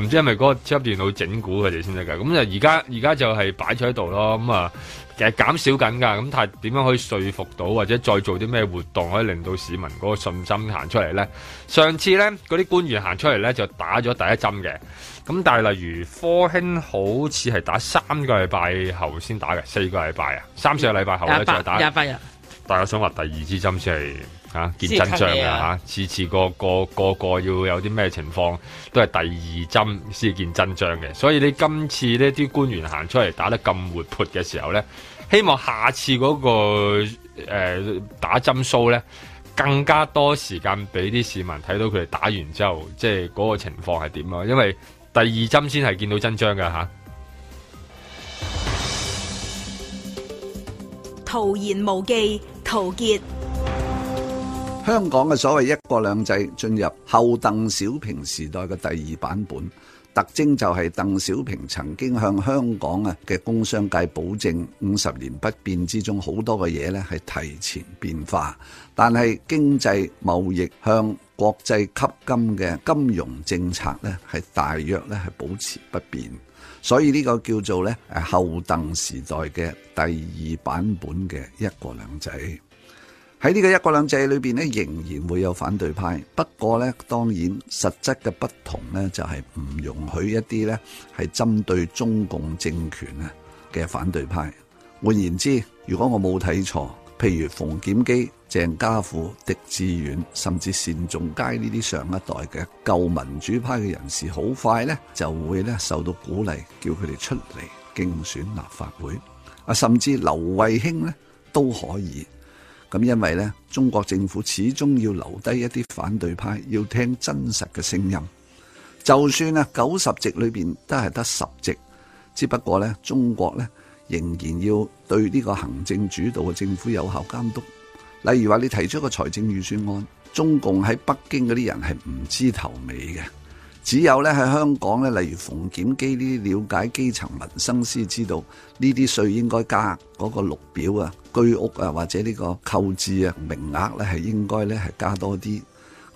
唔知係咪嗰個超級電腦整蠱佢哋先得噶？咁、嗯、就而家而家就係擺咗喺度咯，咁、嗯、啊。其實減少緊㗎，咁睇點樣可以説服到，或者再做啲咩活動可以令到市民嗰個信心行出嚟呢？上次呢，嗰啲官員行出嚟呢，就打咗第一針嘅，咁但係例如科興好似係打三個禮拜後先打嘅，四個禮拜啊，三四個禮拜後咧就廿八打日，大家想話第二支針先係見真章㗎嚇，啊、次次個個，個個個個要有啲咩情況都係第二針先見真章嘅，所以你今次呢啲官員行出嚟打得咁活潑嘅時候呢。希望下次嗰、那個誒、呃、打針 show 咧，更加多時間俾啲市民睇到佢哋打完之後，即係嗰個情況係點啊！因為第二針先係見到真章噶吓。徒、啊、言無忌，陶傑。香港嘅所謂一國兩制進入後鄧小平時代嘅第二版本。特徵就係鄧小平曾經向香港啊嘅工商界保證五十年不變之中，好多嘅嘢咧係提前變化，但係經濟貿易向國際吸金嘅金融政策咧係大約咧係保持不變，所以呢個叫做咧後鄧時代嘅第二版本嘅一國兩制。喺呢個一國兩制裏邊咧，仍然會有反對派。不過咧，當然實質嘅不同咧，就係、是、唔容許一啲咧係針對中共政權咧嘅反對派。換言之，如果我冇睇錯，譬如馮檢基、鄭家富、狄志遠，甚至單仲偕呢啲上一代嘅舊民主派嘅人士，好快咧就會咧受到鼓勵，叫佢哋出嚟競選立法會。啊，甚至劉慧卿咧都可以。咁因為咧，中國政府始終要留低一啲反對派，要聽真實嘅聲音。就算啊九十席裏邊都係得十席，只不過咧，中國咧仍然要對呢個行政主導嘅政府有效監督。例如話，你提出個財政預算案，中共喺北京嗰啲人係唔知頭尾嘅。只有咧喺香港咧，例如馮檢基呢啲了解基層民生先知道呢啲稅應該加，嗰個綠表啊、居屋啊或者呢個購置啊名額咧係應該咧係加多啲。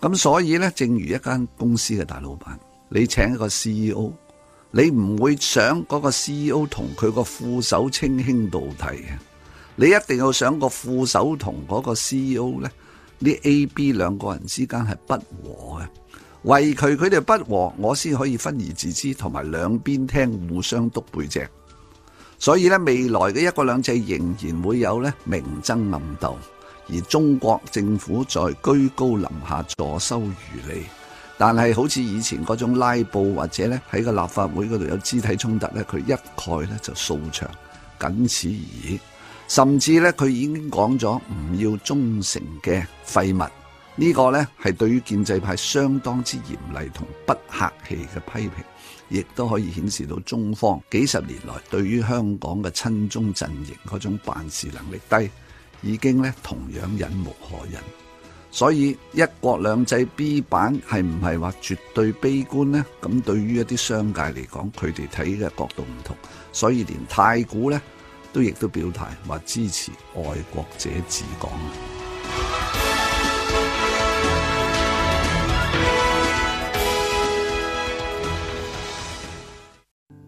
咁所以咧，正如一間公司嘅大老闆，你請一個 CEO，你唔會想嗰個 CEO 同佢個副手稱兄道弟嘅，你一定要想個副手同嗰個 CEO 咧，呢 A、B 兩個人之間係不和嘅。為佢佢哋不和，我先可以分而治之，同埋兩邊聽，互相督背脊。所以咧，未來嘅一國兩制仍然會有咧明爭暗鬥，而中國政府在居高臨下坐收漁利。但係好似以前嗰種拉布或者咧喺個立法會嗰度有肢體衝突咧，佢一概咧就掃場，僅此而已。甚至咧，佢已經講咗唔要忠誠嘅廢物。呢個呢係對於建制派相當之嚴厲同不客氣嘅批評，亦都可以顯示到中方幾十年來對於香港嘅親中陣營嗰種辦事能力低，已經呢同樣忍無可忍。所以一國兩制 B 版係唔係話絕對悲觀呢？咁對於一啲商界嚟講，佢哋睇嘅角度唔同，所以連太古呢，都亦都表態話支持愛國者治港。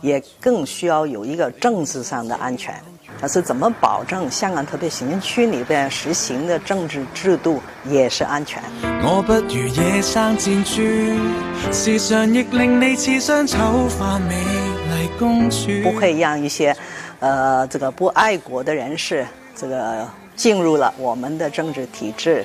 也更需要有一個政治上的安全。它是怎麼保證香港特別行政區裏邊實行的政治制度也是安全？我不如野生時尚亦令你美，嗯、不會讓一些，呃，這個不愛國的人士，這個進入了我們的政治體制。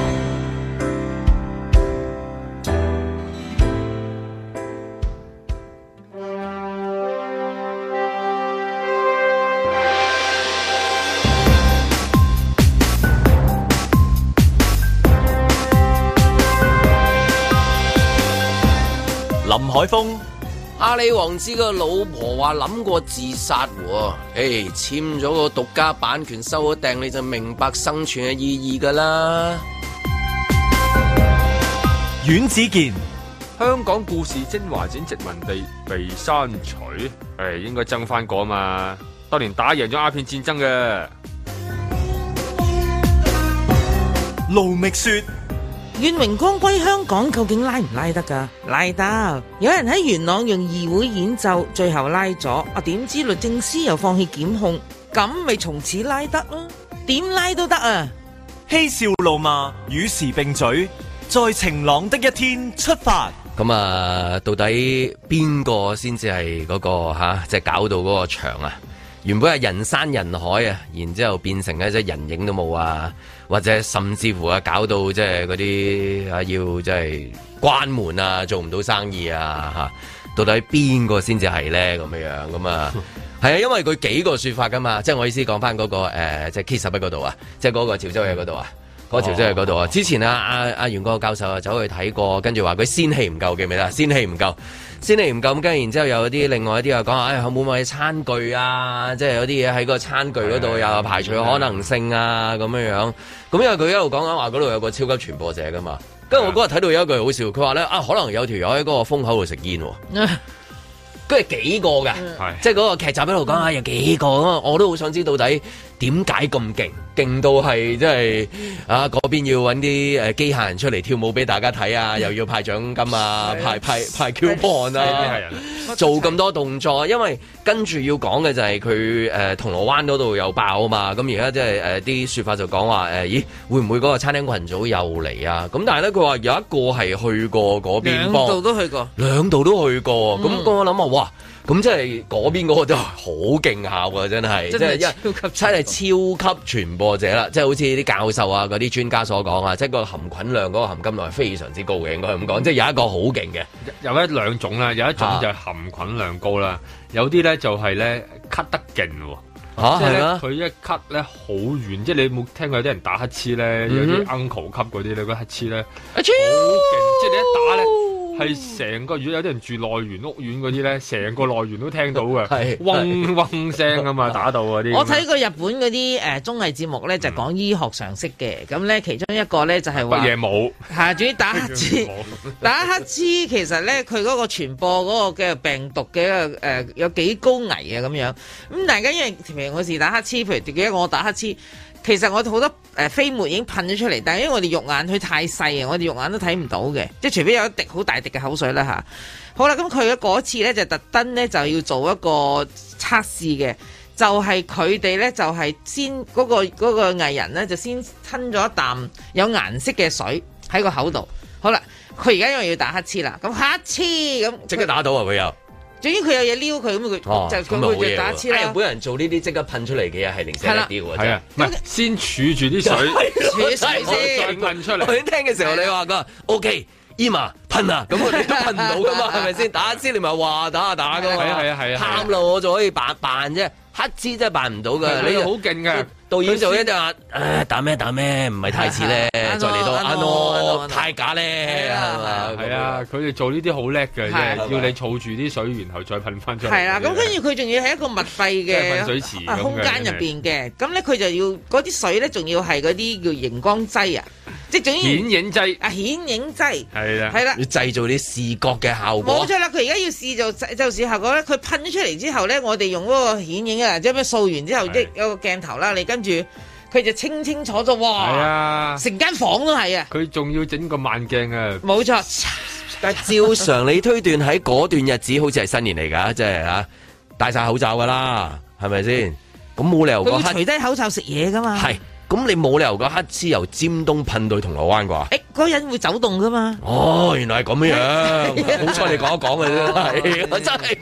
海峰，阿里、啊、王子個老婆話諗過自殺喎，誒簽咗個獨家版權收咗訂，你就明白生存嘅意義㗎喇。阮子健，香港故事精華展殖民地被刪除，誒、哎、應該增翻個嘛，當年打贏咗鴉片戰爭嘅。盧覓雪。願榮光歸香港，究竟拉唔拉得㗎？拉得！有人喺元朗用議會演奏，最後拉咗。我點知律政司又放棄檢控？咁咪從此拉得咯。點拉都得啊！嬉笑怒罵，與時並嘴，在晴朗的一天出發。咁啊，到底邊個先至係嗰個吓？即係搞到嗰個場啊！原本係人山人海啊，然之後變成一隻人影都冇啊，或者甚至乎啊搞到即係嗰啲啊要即係關門啊，做唔到生意啊嚇、啊，到底邊個先至係咧咁嘅樣咁啊？係啊， 因為佢幾個説法噶嘛，即係我意思講翻嗰個、呃、即係 K11 嗰度啊，即係嗰個潮州嘢嗰度啊。嗰條真係嗰度啊！之前啊啊啊，啊袁國勇教授啊走去睇過，跟住話佢鮮氣唔夠，記唔記得？鮮氣唔夠，鮮氣唔夠跟住然之後，後有啲另外一啲又講，唉、嗯，會唔會餐具啊？即係、嗯、有啲嘢喺個餐具嗰度又有排除可能性啊咁樣樣。咁因為佢一路講緊話嗰度有個超級傳播者噶嘛。跟住我嗰日睇到有一句好笑，佢話咧啊，可能、嗯、有條友喺嗰個風口度食煙。跟住、啊嗯、幾個嘅，即係嗰個劇集一路講下有幾個、啊、我都好想知道到底。點解咁勁？勁到係即係啊！嗰邊要揾啲誒機械人出嚟跳舞俾大家睇啊！又要派獎金啊， 派派派 Q 磅啊！ 做咁多動作、啊，因為跟住要講嘅就係佢誒銅鑼灣嗰度有爆啊嘛！咁而家即係誒啲説法就講話誒，咦、呃、會唔會嗰個餐廳群組又嚟啊？咁但係咧佢話有一個係去過嗰邊，兩度都去過，兩度都去過。咁、嗯、我諗啊，哇！哇咁即係嗰邊嗰個真係好勁下喎，真係，即係一真係超、啊、超級傳播者啦！即係好似啲教授啊、嗰啲專家所講啊，即係個含菌量嗰個含金量係非常之高嘅，應該咁講，即係有一個好勁嘅。有一兩種啦，有一種就係含菌量高啦，有啲咧就係咧咳得勁喎，嚇係啦，佢一咳咧好遠，即係你冇聽過有啲人打乞嗤咧，有啲 uncle 級嗰啲咧，嗰乞嗤咧好勁，即係你一打咧。係成個月有啲人住內園屋苑嗰啲咧，成個內園都聽到嘅， 是嗡嗡聲啊嘛，打到嗰啲。 我睇過日本嗰啲誒綜藝節目咧，就是、講醫學常識嘅，咁咧其中一個咧就係話乜嘢冇嚇，仲要打乞嗤。打乞嗤 其實咧佢嗰個傳播嗰個嘅病毒嘅誒、呃、有幾高危啊咁樣。咁但係因為平時我時打乞嗤，譬如點解我打乞嗤。其實我好多誒飛沫已經噴咗出嚟，但係因為我哋肉眼佢太細啊，我哋肉眼都睇唔到嘅，即係除非有一滴好大滴嘅口水啦吓、啊，好啦，咁佢嘅嗰次咧就特登咧就要做一個測試嘅，就係佢哋咧就係、係、先嗰、嗰個嗰、嗰個、藝人咧就先吞咗一啖有顏色嘅水喺個口度。好啦，佢而家因為要打乞嗤啦，咁乞嗤咁即刻打到啊！佢有？總之佢有嘢撩佢咁佢就佢會打黐啦，日本人做呢啲即刻噴出嚟嘅嘢係零舍一啲喎，係啊，唔係先儲住啲水，儲水先再噴出嚟。我已經聽嘅時候你話噶 OK，Emma 噴啊，咁我哋都噴唔到噶嘛，係咪先？打支你咪話打下打噶嘛，係啊係啊，喊咯我就可以扮扮啫，黑支真係扮唔到噶。你好勁噶。導演做一就誒，打咩打咩，唔係太似咧，再嚟到，太假咧。係啊，佢哋做呢啲好叻嘅，要你儲住啲水，然後再噴翻出嚟。係啦，咁跟住佢仲要喺一個密閉嘅水池空間入邊嘅，咁咧佢就要嗰啲水咧，仲要係嗰啲叫熒光劑啊，即係總影劑啊，顯影劑係啦，係啦，製造啲視覺嘅效果。冇錯啦，佢而家要製造就視覺效果咧，佢噴咗出嚟之後咧，我哋用嗰個顯影啊，即係咩？掃完之後，即係有個鏡頭啦，你跟。住佢就清清楚楚咗，啊，成間房都係啊！佢仲要整個慢鏡啊！冇錯，但係照常理推斷喺嗰段日子，好似係新年嚟噶，即係啊，戴晒口罩噶啦，係咪先？咁冇理由佢除低口罩食嘢噶嘛。係咁，你冇理由個黑痴由尖東噴到銅鑼灣啩？誒，嗰人會走動噶嘛？哦，原來係咁樣，好彩你講一講嘅啫，我真係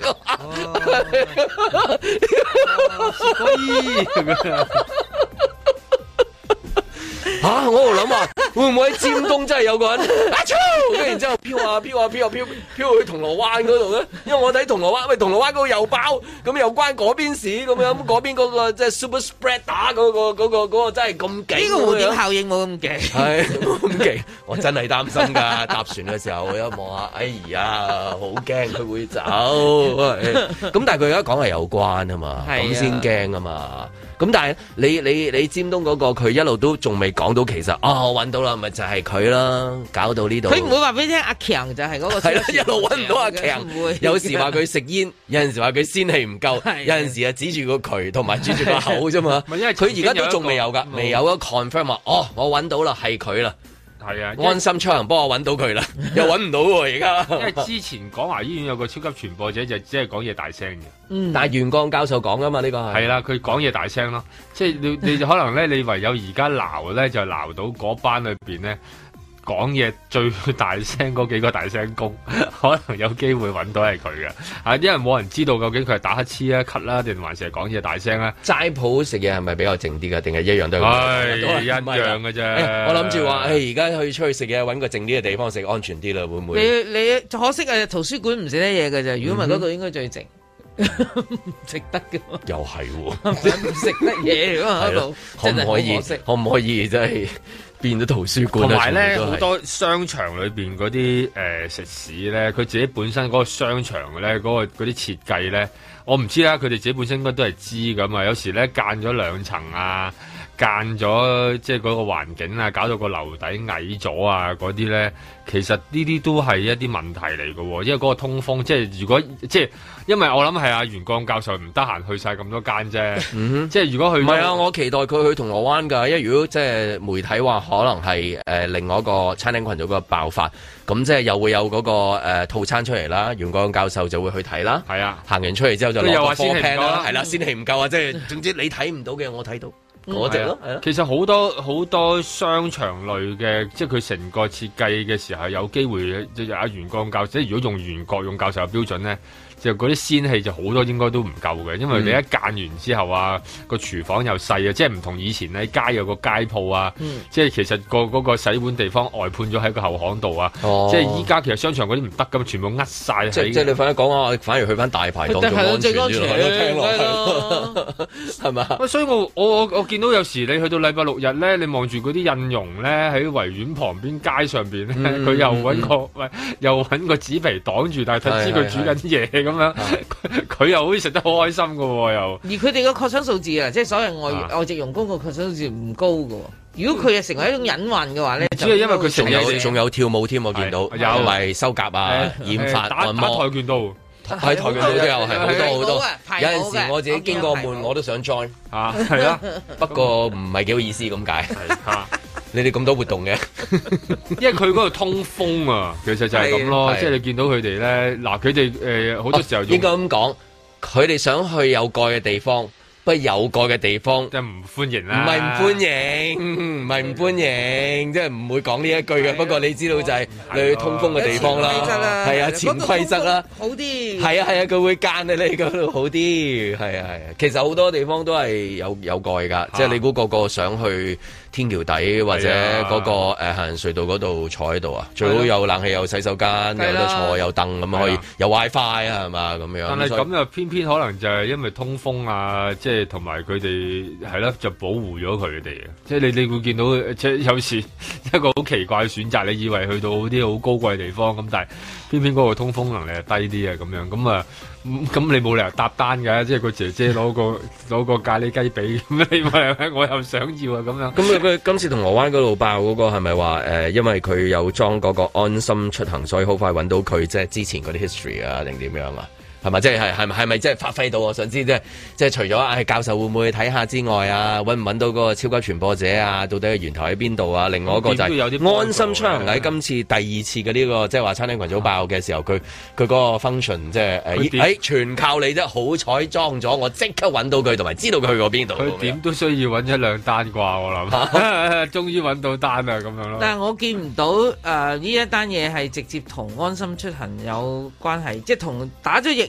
吓、啊！我喺度諗話會唔會喺尖東真係有個人阿超，咁然之後飄啊飄啊飄啊飄，飄去銅鑼灣嗰度咧？因為我睇銅鑼灣，喂銅鑼灣嗰個又包，咁又關嗰邊事，咁樣嗰邊嗰個即係、就是、super spread 打、er、嗰、那個嗰、那個、那個那個那個真係咁勁。呢個蝴蝶效應冇咁勁，係冇咁勁。 我真係擔心噶，搭船嘅時候我一望下，哎呀，好驚佢會走。咁但係佢而家講係有關啊嘛，咁先驚啊嘛。咁但係你你你尖東嗰、那個佢一路都仲未講到其實、哦、我揾到啦咪就係佢啦，搞到呢度。佢唔會話俾你聽阿強就係嗰個小小小。係、啊、一路揾唔到阿強。會有。有時話佢食煙，有陣時話佢仙氣唔夠， 是的 有陣時啊指住個渠同埋指住個口啫嘛。的因為佢而家都仲未有㗎，未有個 confirm 話哦，我揾到啦，係佢啦。係啊，為安心出行幫我揾到佢啦， 又揾唔到喎而家。 因為之前廣華醫院有個超級傳播者，就只係講嘢大聲嘅。嗯，但係袁光教授講㗎嘛，呢、這個係。係、啊、啦，佢講嘢大聲咯，即係你，你可能咧，你唯有而家鬧咧，就鬧到嗰班裏邊咧。講嘢最大聲嗰幾個大聲公， 可能有機會揾到係佢嘅。啊，因為冇人知道究竟佢係打乞嗤啊、咳啦、啊，定還是係講嘢大聲啦、啊。齋鋪食嘢係咪比較靜啲噶？定係一樣都係都係一樣嘅啫、哎。我諗住話，誒、哎，而家去出去食嘢，揾個靜啲嘅地方食，安全啲啦，會唔會？你你，你可惜啊，圖書館唔食得嘢嘅啫，如果唔係，嗰度應該最靜。嗯唔食 得嘅，又係喎、哦，唔值得嘢嚟啊！喺度，可唔可以？ 可唔可以？ 可唔可以真係變咗圖書館。同埋咧，好多商場裏邊嗰啲誒食肆咧，佢自己本身嗰個商場咧，嗰、嗰個嗰啲設計咧，我唔知啦、啊。佢哋自己本身應該都係知咁啊。有時咧，間咗兩層啊。間咗即係嗰個環境啊，搞到個樓底矮咗啊，嗰啲咧，其實呢啲都係一啲問題嚟嘅，因為嗰個通風即係如果即係，因為我諗係阿袁國勇教授唔得閒去晒咁多間啫， 即係如果去唔係 啊，我期待佢去銅鑼灣噶，因為如果即係媒體話可能係誒、呃、另外一個餐廳群組嘅爆發，咁即係又會有嗰、那個誒、呃、套餐出嚟啦，袁國勇教授就會去睇啦，係啊，行完出嚟之後就落個房廳啦，係啦， 先氣唔夠啊，即係總之你睇唔到嘅我睇到。 嗰隻咯，其實好多好多商場類嘅，即係佢成個設計嘅時候有機會，即係阿袁國勇教授，即係如果用袁國勇教授嘅標準咧。就嗰啲鮮氣就好多，應該都唔夠嘅，因為你一間完之後啊，個廚房又細啊，即係唔同以前咧，街有個街鋪啊，即係其實個嗰洗碗地方外判咗喺個後巷度啊，即係依家其實商場嗰啲唔得噶，全部呃晒。即即係你反一講啊，反而去返大排檔咁安全咯，係嘛？喂，所以我我我我見到有時你去到禮拜六日咧，你望住嗰啲印傭咧喺維園旁邊街上邊咧，佢又揾個喂又揾個紙皮擋住，但係睇知佢煮緊嘢。咁樣，佢又好似食得好開心噶喎，又。而佢哋嘅確診數字啊，即係所謂外外籍傭工嘅確診數字唔高噶。如果佢又成為一種隱患嘅話咧，即係因為佢仲有仲有跳舞添，我見到，有埋修甲啊、染髮啊，打跆拳道，係跆拳道都有，係好多好多。有陣時我自己經過門，我都想 join，係啦。不過唔係幾好意思咁解。你哋咁多活動嘅， 因為佢嗰度通風啊，其實就係咁咯，即係你見到佢哋咧，嗱，佢哋誒，好多時候應該咁講，佢哋想去有蓋嘅地方。不過有蓋嘅地方，即係唔歡迎啦。唔係唔歡迎，唔係唔歡迎，即係唔會講呢一句嘅。不過你知道就係你去通風嘅地方啦，係啊，潛規則啦，好啲。係啊係啊，佢會間你呢度好啲，係啊係啊。其實好多地方都係有有蓋㗎，即係你估個個想去天橋底或者嗰個行人隧道嗰度坐喺度啊？最好有冷氣、有洗手間、有得坐、有凳咁可以，有 WiFi 啊，係嘛咁樣。但係咁又偏偏可能就係因為通風啊。即係同埋佢哋係啦，就保護咗佢哋嘅。即係你你會見到，即係有時一個好奇怪嘅選擇。你以為去到啲好高貴嘅地方，咁但係偏偏嗰個通風能力係低啲啊，咁樣咁啊，咁你冇理由搭單㗎。即係個姐姐攞個攞 個咖喱雞畀，咪 我又想要啊，咁樣。咁 今次銅鑼灣嗰度爆嗰個係咪話誒，因為佢有裝嗰個安心出行，所以好快揾到佢即係之前嗰啲 history 啊，定點樣啊？係咪即係係係咪即係發揮到我想知即係即係除咗唉、哎、教授會唔會睇下之外啊，揾唔揾到嗰個超級傳播者啊？到底源頭喺邊度啊？另外一個就係安心出行喺今次第二次嘅呢、呢個即係話餐廳群組爆嘅時候，佢佢嗰個 function 即係誒、哎哎、全靠你啫！好彩裝咗，我即刻揾到佢，同埋知道佢去過邊度。佢點都需要揾一兩單啩？我諗，啊、 終於揾到單啊！咁樣咯。但係我見唔到誒呢、呃、一單嘢係直接同安心出行有關係，即係同打咗疫。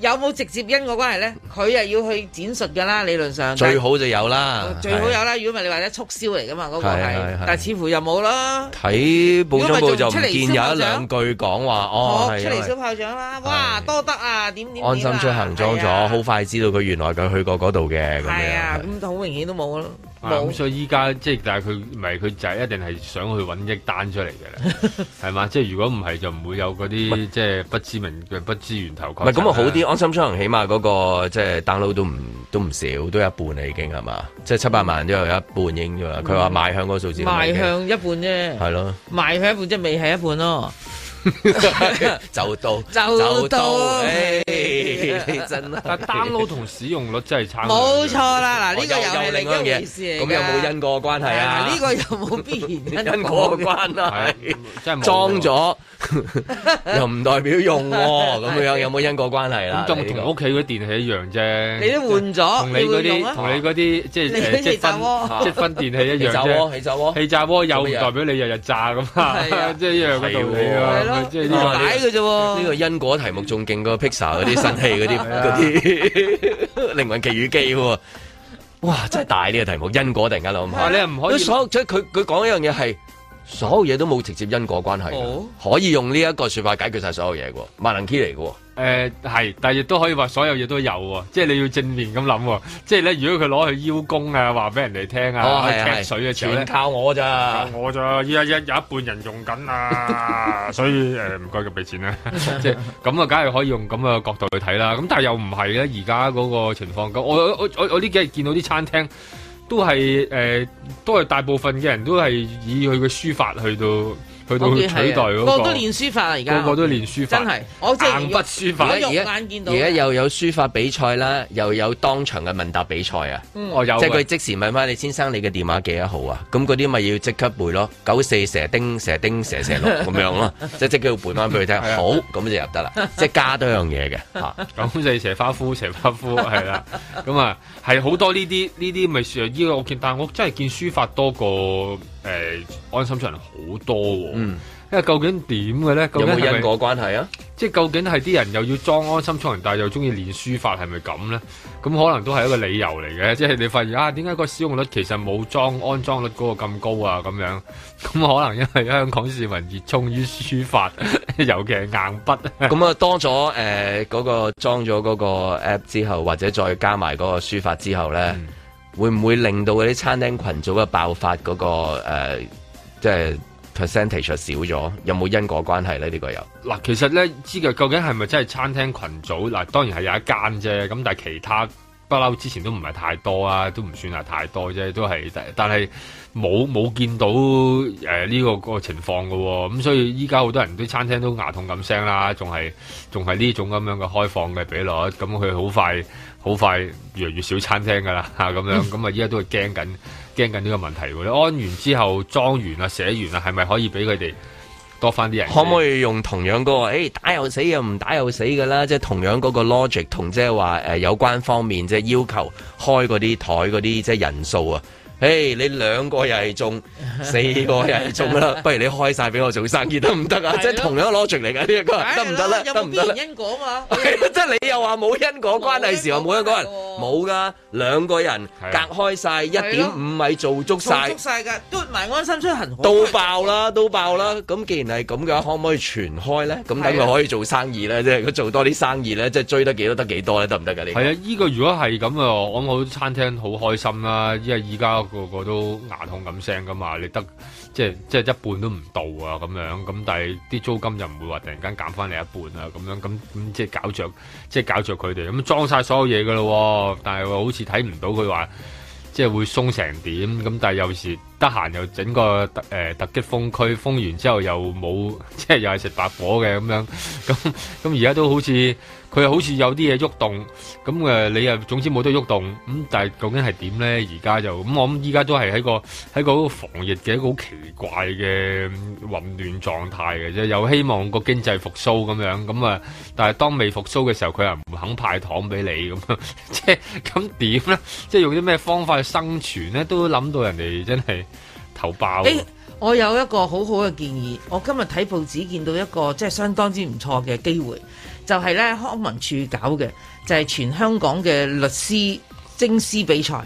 有冇直接因果關係咧？佢又要去展述噶啦，理論上最好就有啦，最好有啦。如果唔係你話啲促銷嚟噶嘛，嗰個係，但係似乎又冇咯。睇補充部就唔見有一兩句講話哦，出嚟燒炮仗啦！哇，多得啊，點點安心出行裝咗，好快知道佢原來佢去過嗰度嘅。係啊，咁好明顯都冇咯。咁、啊嗯、所以依家即係，但係佢唔係佢仔一定係想去揾一單出嚟嘅咧，係嘛？ 即係如果唔係，就唔會有嗰啲喂即係不知名嘅不知源頭確。唔係咁啊，好啲安心出行，起碼嗰個即係 download 都唔都唔少，都一半啦已經係嘛？即係七百萬都有一半影咗，佢話賣向嗰個數字賣向一半啫，係咯、嗯，賣向一半即係了未係一半咯。就到就到，真啊！但 download 同使用率真係差唔多，冇錯啦。嗱，呢個又另一回事嚟。咁有冇因果關係啊？呢個又冇必然因果嘅關係，真係裝咗又唔代表用喎。咁樣有冇因果關係啊？咁同屋企嗰電器一樣啫。你都換咗，同你嗰啲同你啲即係即係即係分電器一樣啫。氣炸鍋，氣炸鍋又唔代表你日日炸咁嘛，即係一樣嘅道理啊。即係呢個解嘅啫，呢個因果題目仲勁過 Pixar 嗰啲新戲嗰啲嗰啲靈魂奇遇記，哇！真係大呢個題目，因果突然間諗下，你又唔可以所即係佢佢講一樣嘢係。所有嘢都冇直接因果關係，哦、可以用呢一個說法解決晒所有嘢嘅，萬能 key 嚟嘅。誒、呃，係，但係亦都可以話所有嘢都有，即係你要正面咁諗。即係咧，如果佢攞去邀功啊，話俾人哋聽啊，劈水啊，是是水全靠我咋？我咋？有有有一半人用緊啊， 所以誒，唔、呃、該，就俾錢啦。即係咁啊，梗係 可以用咁嘅角度去睇啦。咁但係又唔係咧，而家嗰個情況，我我我我呢幾日見到啲餐廳。都係，誒、呃，都係大部分嘅人都係以佢嘅書法去到。佢都取代嗰個，個個都練書法啊！而家個個都練書法，真係我硬筆書法而家而家而家又有書法比賽啦，又有當場嘅問答比賽啊！即係佢即時問翻你先生，你嘅電話幾多號啊？咁嗰啲咪要即刻背咯，九四蛇丁蛇丁蛇蛇六咁樣咯，即係即刻要背翻俾佢聽。好，咁就入得啦。即係加多樣嘢嘅嚇，九四蛇花夫蛇花夫係啦。咁啊，係好多呢啲呢啲咪誒依我見，但我真係見書法多過。誒、欸，安心出行好多、哦，嗯，因為究竟點嘅咧？是是有冇因果關係啊？即係究竟係啲人又要裝安心出行，但係又中意練書法，係咪咁咧？咁可能都係一個理由嚟嘅，即、就、係、是、你發現啊，點解個使用率其實冇裝安裝率嗰個咁高啊？咁樣，咁可能因為香港市民熱衷於書法， 尤其係硬筆、嗯。咁啊， 當咗誒嗰個裝咗嗰個 app 之後，或者再加埋嗰個書法之後咧。嗯會唔會令到嗰啲餐廳群組嘅爆發嗰、嗰個、呃、即係 percentage 少咗？有冇因果關係咧？呢、呢個有嗱，其實咧，知嘅究竟係咪真係餐廳群組嗱？當然係有一間啫，咁但係其他。不嬲，之前都唔係太多啊，都唔算係太多啫，都係，但係冇冇見到誒呢、呃個個情況噶喎，咁、嗯、所以依家好多人都餐廳都牙痛咁聲啦，仲係仲係呢種咁樣嘅開放嘅比例，咁佢好快好快越嚟越少餐廳噶啦嚇咁樣，咁啊依家都係驚緊驚緊呢個問題喎，你安完之後裝完啊寫完啊，係咪可以俾佢哋？多翻啲人，可唔可以用同樣嗰個、欸？打又死又唔打又死噶啦，即係同樣嗰個 logic 同即係話誒有關方面即係要求開嗰啲台嗰啲即係人數啊！誒、欸、你兩個又係中， 四個又係中啦，不如你開晒俾我做生意得唔得啊？了即係同樣 logic 嚟㗎呢一、呢個，得唔得咧？得唔得咧？行行啊、有冇因果嘛、啊？即係 你又話冇因果關係時話冇因果冇㗎。兩個人隔開晒，一點五米，做足晒，足曬㗎，篤埋安心出行都，都爆啦，都爆啦。咁既然係咁嘅，可唔可以全開咧？咁等佢可以做生意咧，即係佢做多啲生意咧，即係追得幾多得幾多咧？得唔得㗎你？係啊，依個如果係咁啊，我諗我餐廳好開心啦，因為依家個個都牙痛咁聲噶嘛，你得。即係即係一半都唔到啊，咁樣，咁但係啲租金就唔會話突然間減翻你一半啊，咁樣，咁咁即係搞着，即係搞着佢哋咁裝晒所有嘢㗎咯。但係好似睇唔到佢話即係會鬆成點，咁但係有時得閒又整個特誒突擊封區，封完之後又冇，即係又係食白果嘅咁樣，咁咁而家都好似。佢又好似有啲嘢喐動，咁、嗯、誒，你又總之冇得喐動，咁、嗯、但係究竟係點咧？而家就咁、嗯，我諗依家都係喺個喺個防疫嘅一個好奇怪嘅、嗯、混亂狀態嘅啫，有希望個經濟復甦咁樣，咁、嗯、啊，但係當未復甦嘅時候，佢又唔肯派糖俾你咁、嗯、 樣，樣，即係咁點咧？即係用啲咩方法去生存咧？都諗到人哋真係頭爆。我有一個好好嘅建議，我今日睇報紙見到一個即係相當之唔錯嘅機會。就係咧，康文署搞嘅就係全香港嘅律師徵師比賽。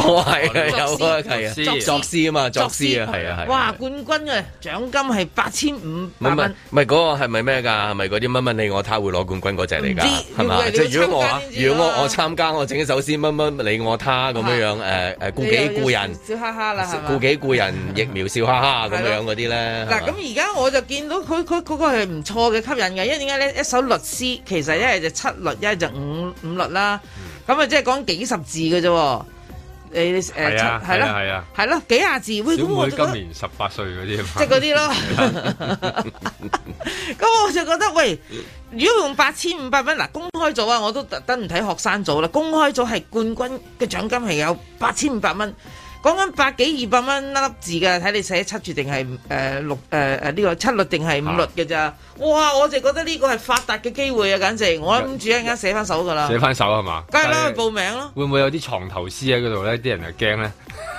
我係啊，有啊，係啊，作詩啊嘛，作詩啊，係啊係。哇！冠軍啊，獎金係八千五蚊。唔係嗰個係咪咩噶？係咪嗰啲乜乜你我他會攞冠軍嗰隻嚟噶？係咪？即係如果我，如果我我參加，我整一首詩乜乜你我他咁樣樣誒誒，顧己顧人，笑哈哈啦，顧己顧人疫苗笑哈哈咁樣嗰啲咧。嗱咁而家我就見到佢佢嗰個係唔錯嘅吸引嘅，因為點解咧？一首律詩其實一係就七律，一係就五五律啦。咁啊，即係講幾十字嘅啫。誒誒，係啊、呃、啊，係咯幾廿字？喂，小妹今年十八歲嗰啲，即係嗰啲咯。咁 我就覺得，喂，如果用八千五百蚊嗱公開組啊，我都特登唔睇學生組啦。公開組係冠軍嘅獎金係有八千五百蚊。講緊百幾二百蚊一粒字㗎，睇你寫七絕定係誒六誒誒呢個七律定係五律㗎咋？哇！我就覺得呢個係發達嘅機會啊，簡直我諗住一陣間寫翻手㗎啦。寫翻手係嘛？梗係啦，去報名咯。會唔會有啲藏頭詩喺嗰度咧？啲人又驚咧？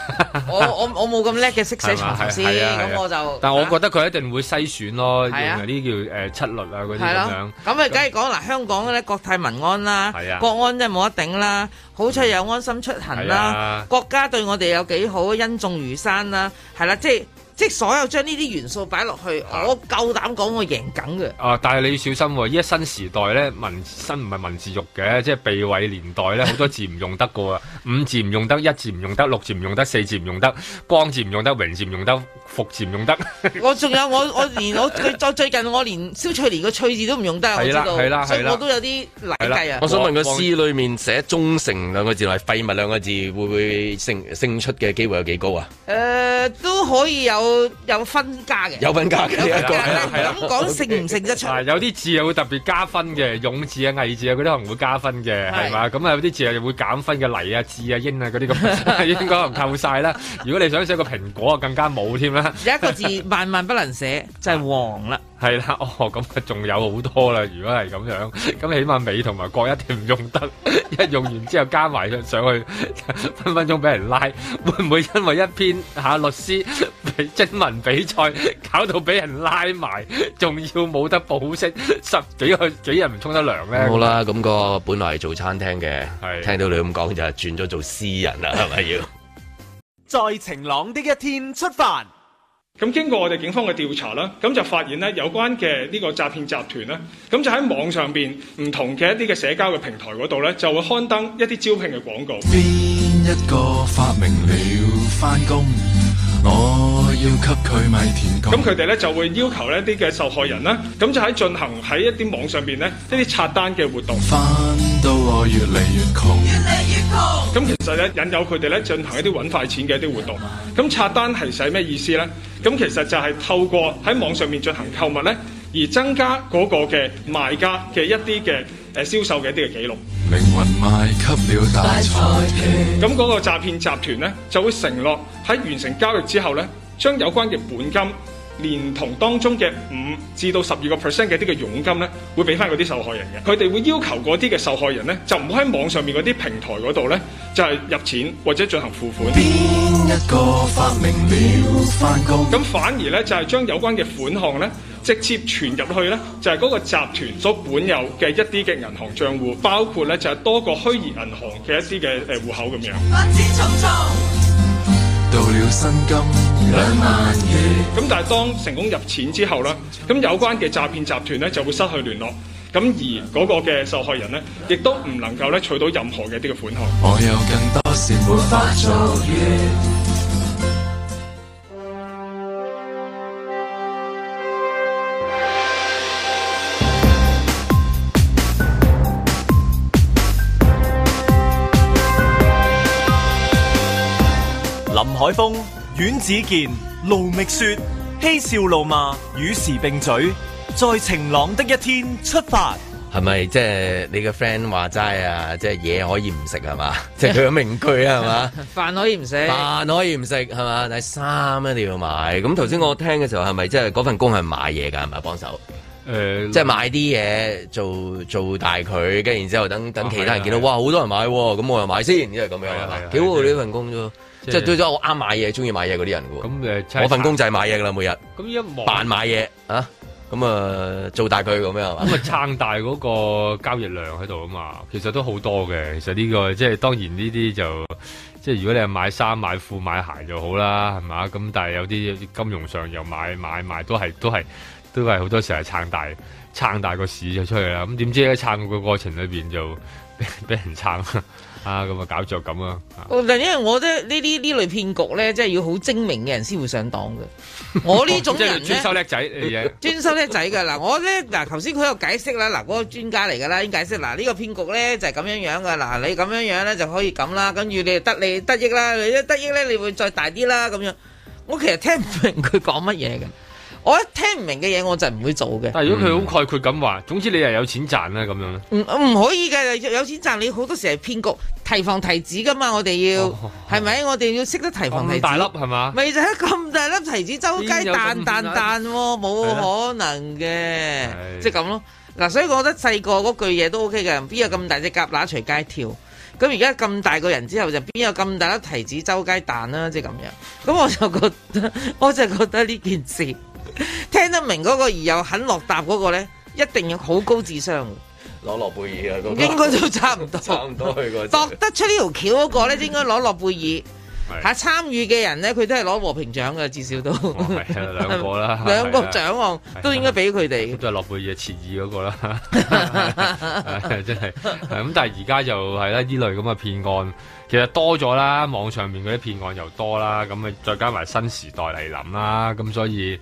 我我我冇咁叻嘅識寫藏頭詩，咁、啊啊啊、我就。但係我覺得佢一定會篩選咯，用嗱啲叫誒、呃、七律啊嗰啲咁樣。咁啊、嗯，梗係講嗱，香港咧國泰民安啦，啊、國安真係冇得頂啦，好彩有安心出行啦，啊、國家對我哋有幾好，恩重如山啦，係啦、啊，即係。即所有將呢啲元素擺落去，我夠膽講我贏緊嘅。啊，但係你要小心喎、啊！依家新時代咧文新唔係文字獄嘅，即係避諱年代咧，好多字唔用得噶喎。 五字唔用得，一字唔用得，六字唔用得，四字唔用得，光字唔用得，榮字唔用得，復字唔用得。 我仲有我我連我佢最近我連肖翠連個翠字都唔用得， 我知道，所以我都有啲嚟計啊。我想問個詩裏面寫忠誠兩個字同係廢物兩個字，會唔會勝勝出嘅機會有幾高啊？誒、呃，都可以有。有分加嘅，有分加嘅，係啦，咁講成唔成得出？ 有啲字又會特別加分嘅，勇字啊、毅字啊，嗰啲可能會加分嘅，係嘛是？咁啊有啲字又會減分嘅，黎啊、字啊、英啊嗰啲咁，應該能扣晒啦。 如果你想寫個蘋果啊， 更加冇添啦。有一個字萬萬 不能寫，就係黃啦。係啦， 哦，咁啊，仲有好多啦。如果係咁樣，咁起碼美同埋國一,一定唔用得，一用完之後加埋上去，分分鐘俾人拉。會唔會因為一篇吓、啊、律師徵文比賽，搞到俾人拉埋，仲要冇得保釋，十幾個幾日唔沖得涼咧？好啦，咁、那個本來係做餐廳嘅，的聽到你咁講就係轉咗做私人啦，係咪要？在晴朗的一天出發。咁經過我哋警方嘅調查啦，咁就發現咧有關嘅呢個詐騙集團咧，咁就喺網上邊唔同嘅一啲嘅社交嘅平台嗰度咧，就會刊登一啲招聘嘅廣告。邊一個發明了返工？我要咁佢哋咧就會要求咧一啲嘅受害人啦，咁就喺進行喺一啲網上邊咧一啲刷單嘅活動。翻到我越嚟越窮，越嚟越窮。咁其實咧引誘佢哋咧進行一啲揾快錢嘅一啲活動。咁刷單係使咩意思咧？咁其實就係透過喺網上面進行購物咧，而增加嗰個嘅賣家嘅一啲嘅誒銷售嘅一啲嘅記錄。靈魂賣給了大財團。咁嗰個詐騙集團咧就會承諾喺完成交易之後咧。將有關嘅本金，連同當中嘅五至到十二個 percent 嘅一啲嘅佣金咧，會俾翻嗰啲受害人嘅。佢哋會要求嗰啲嘅受害人咧，就唔好喺網上面嗰啲平台嗰度咧，就係入錢或者進行付款。邊一個發明了返工？咁反而咧就係將有關嘅款項咧，直接存入去咧，就係嗰個集團所本有嘅一啲嘅銀行帳戶，包括咧就係多個虛擬銀行嘅一啲嘅誒戶口咁樣。咁但係當成功入錢之後咧，咁有關嘅詐騙集團咧就會失去聯絡，咁而嗰個嘅受害人咧亦都唔能夠咧取到任何嘅呢個款項。我有更多事沒法做完。林海峰。阮子健盧覓雪，嬉笑怒罵與時並嘴。在晴朗的一天出發，係咪即係你個 friend 話齋啊？即係嘢可以唔食係嘛？即係佢有名句啊係嘛？飯可以唔食，飯可以唔食係嘛？但係衫一定要買。咁頭先我聽嘅時候係咪即係嗰份工係買嘢噶？係咪幫手？誒，即係買啲嘢做做大佢，跟住然之後等等其他人見到，哇，好多人買，咁我又買先，因為咁樣，幾好呢份工啫。即係對咗我啱買嘢，中意買嘢嗰啲人嘅喎，是我份工就係買嘢噶啦，每日咁。扮買嘢啊，咁、嗯、啊、呃、做大佢咁樣啊，咁啊撐大嗰個交易量喺度啊嘛，其實都好多嘅，其實呢、這個即係當然呢啲就即係如果你係買衫買褲買鞋就好啦，係嘛，咁但係有啲金融上又買買賣，都係都係都係好多時係撐大撐大個市就出嚟啦，咁點知一撐個過程裏邊就俾人撐。 啊，咁啊搞作咁咯。但因為我覺得呢啲呢類騙局咧，即係要好精明嘅人先會上當嘅。我呢種人咧專收叻仔，專收叻仔嘅。嗱，我咧嗱，頭先佢有解釋啦。嗱，嗰個專家嚟噶啦，已經解釋。嗱、這個，呢個騙局咧就係、是、咁樣樣噶。嗱，你咁樣樣咧就可以咁啦。跟住你就得你得益啦。你一得益咧，你會再大啲啦。咁樣，我其實聽唔明佢講乜嘢嘅。我一聽唔明嘅嘢，我就唔會做嘅。但係如果佢好概括咁話，嗯、總之你又有錢賺啦咁樣咧。唔唔可以嘅，有錢賺你好多時係騙局，提防提子㗎嘛。我哋要係咪、哦哦？我哋要識得提防提子。大粒係嘛？咪就係、是、咁大粒提子周街彈彈彈，冇、啊、可能嘅。即係咁咯。嗱、啊，所以我覺得細個嗰句嘢都 OK 嘅。邊有咁大隻蛤乸隨街跳？咁而家咁大個人之後，就邊有咁大粒提子周街彈啦？即係咁樣。咁我就覺得，我就覺得呢件事。聽得明嗰個而又肯落答嗰個咧，一定要好高智商。攞諾貝爾啊，應該都差唔多，差唔多去度得出條呢條橋嗰個咧， 應該攞諾貝爾。吓參與嘅人咧，佢都係攞和平獎嘅，至少都。係兩、啊、個啦，兩 個獎哦，啊、獎都應該俾佢哋。就係諾貝爾前二嗰個啦、 啊，真係。咁 但係而家就係、是、啦，呢類咁嘅騙案，其實多咗啦，網上面嗰啲騙案又多啦，咁啊再加埋新時代嚟臨啦，咁所以。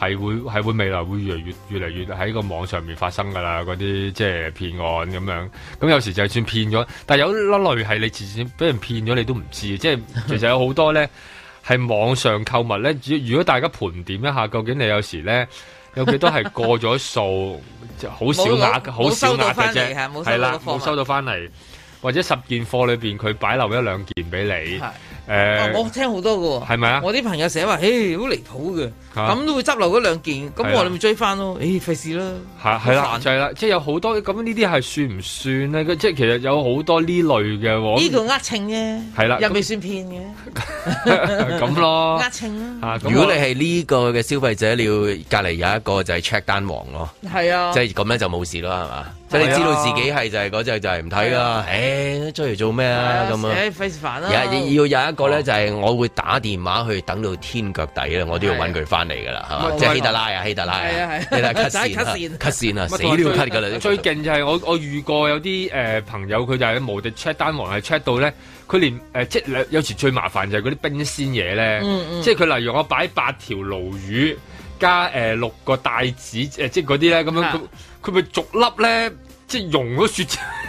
係會係會未來會越嚟越越嚟越喺個網上面發生㗎啦，嗰啲即係騙案咁樣。咁有時就係算騙咗，但係有粒類係你自始俾人騙咗，你都唔知。即係其實有好多咧，係網上購物咧，如果大家盤點一下，究竟你有時咧有幾多係過咗數，好 少額，好少額嘅啫。係啦，冇收到翻嚟，已啊、或者十件貨裏邊佢擺留一兩件俾你。誒、啊，我聽好多嘅，係咪啊？我啲朋友成日話，誒，好離譜嘅，咁都會執漏嗰兩件，咁我哋咪追翻咯，誒、欸，費事啦，係啦、啊，係啦，即係有好多，咁呢啲係算唔算咧？即係其實有好多呢類嘅，呢個呃秤啫，係啦、啊，又未算騙嘅，咁那 咯，呃 秤啊，啊如果你係呢個嘅消費者，你要隔籬有一個就係 check 單王咯，係啊，即係咁樣就冇事啦，係嘛？即係知道自己係就係嗰隻就係唔睇噶，唉出嚟做咩啊咁樣！費事煩啦！要有一個咧就係我會打電話去等到天腳底啦，我都要揾佢翻嚟噶啦，係嘛？即係希特拉啊，希特拉啊！你睇 cut 線，cut 線啊，死都要 cut 噶啦！最勁就係我我遇過有啲誒朋友佢就係無敵 check 單王，係 check 到咧，佢連誒即係有時最麻煩就係嗰啲冰鮮嘢咧，即係佢例如我擺八條鱸魚加誒六個帶子即係嗰啲咧咁樣。佢咪逐粒咧，即係溶咗雪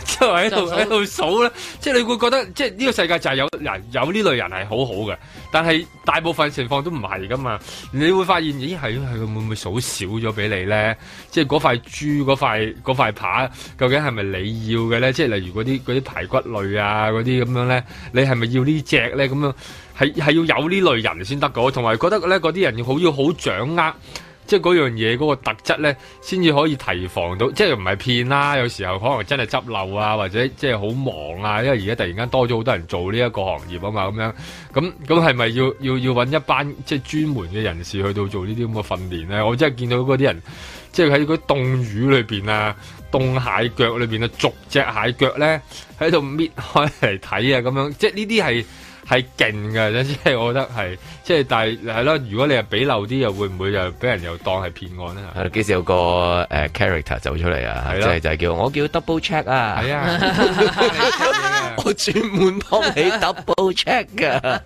之後喺度喺度數咧，即係你會覺得即係呢個世界就係有人有呢類人係好好嘅，但係大部分情況都唔係噶嘛，你會發現咦係係佢會唔會數少咗俾你咧？即係嗰塊豬嗰塊嗰塊扒究竟係咪你要嘅咧？即係例如嗰啲嗰啲排骨類啊嗰啲咁樣咧，你係咪要呢隻咧？咁樣係係要有呢類人先得噶，同埋覺得咧嗰啲人要好要好掌握。即係嗰樣嘢嗰個特質咧，先至可以提防到。即係唔係騙啦？有時候可能真係執漏啊，或者即係好忙啊。因為而家突然間多咗好多人做呢一個行業啊嘛，咁樣咁咁係咪要要要揾一班即係專門嘅人士去到做呢啲咁嘅訓練咧？我真係見到嗰啲人，即係喺嗰啲凍魚裏邊啊，凍蟹腳裏邊啊，逐隻蟹腳咧喺度搣開嚟睇啊，咁樣即係呢啲係。係勁嘅，即係我覺得係，即係但係係咯。如果你係俾漏啲，又會唔會又俾人又當係騙案咧？係幾時有個誒、uh, character 走出嚟啊？係咯，即係就係叫我叫 double check 啊！係啊。我專門幫你 double check 噶，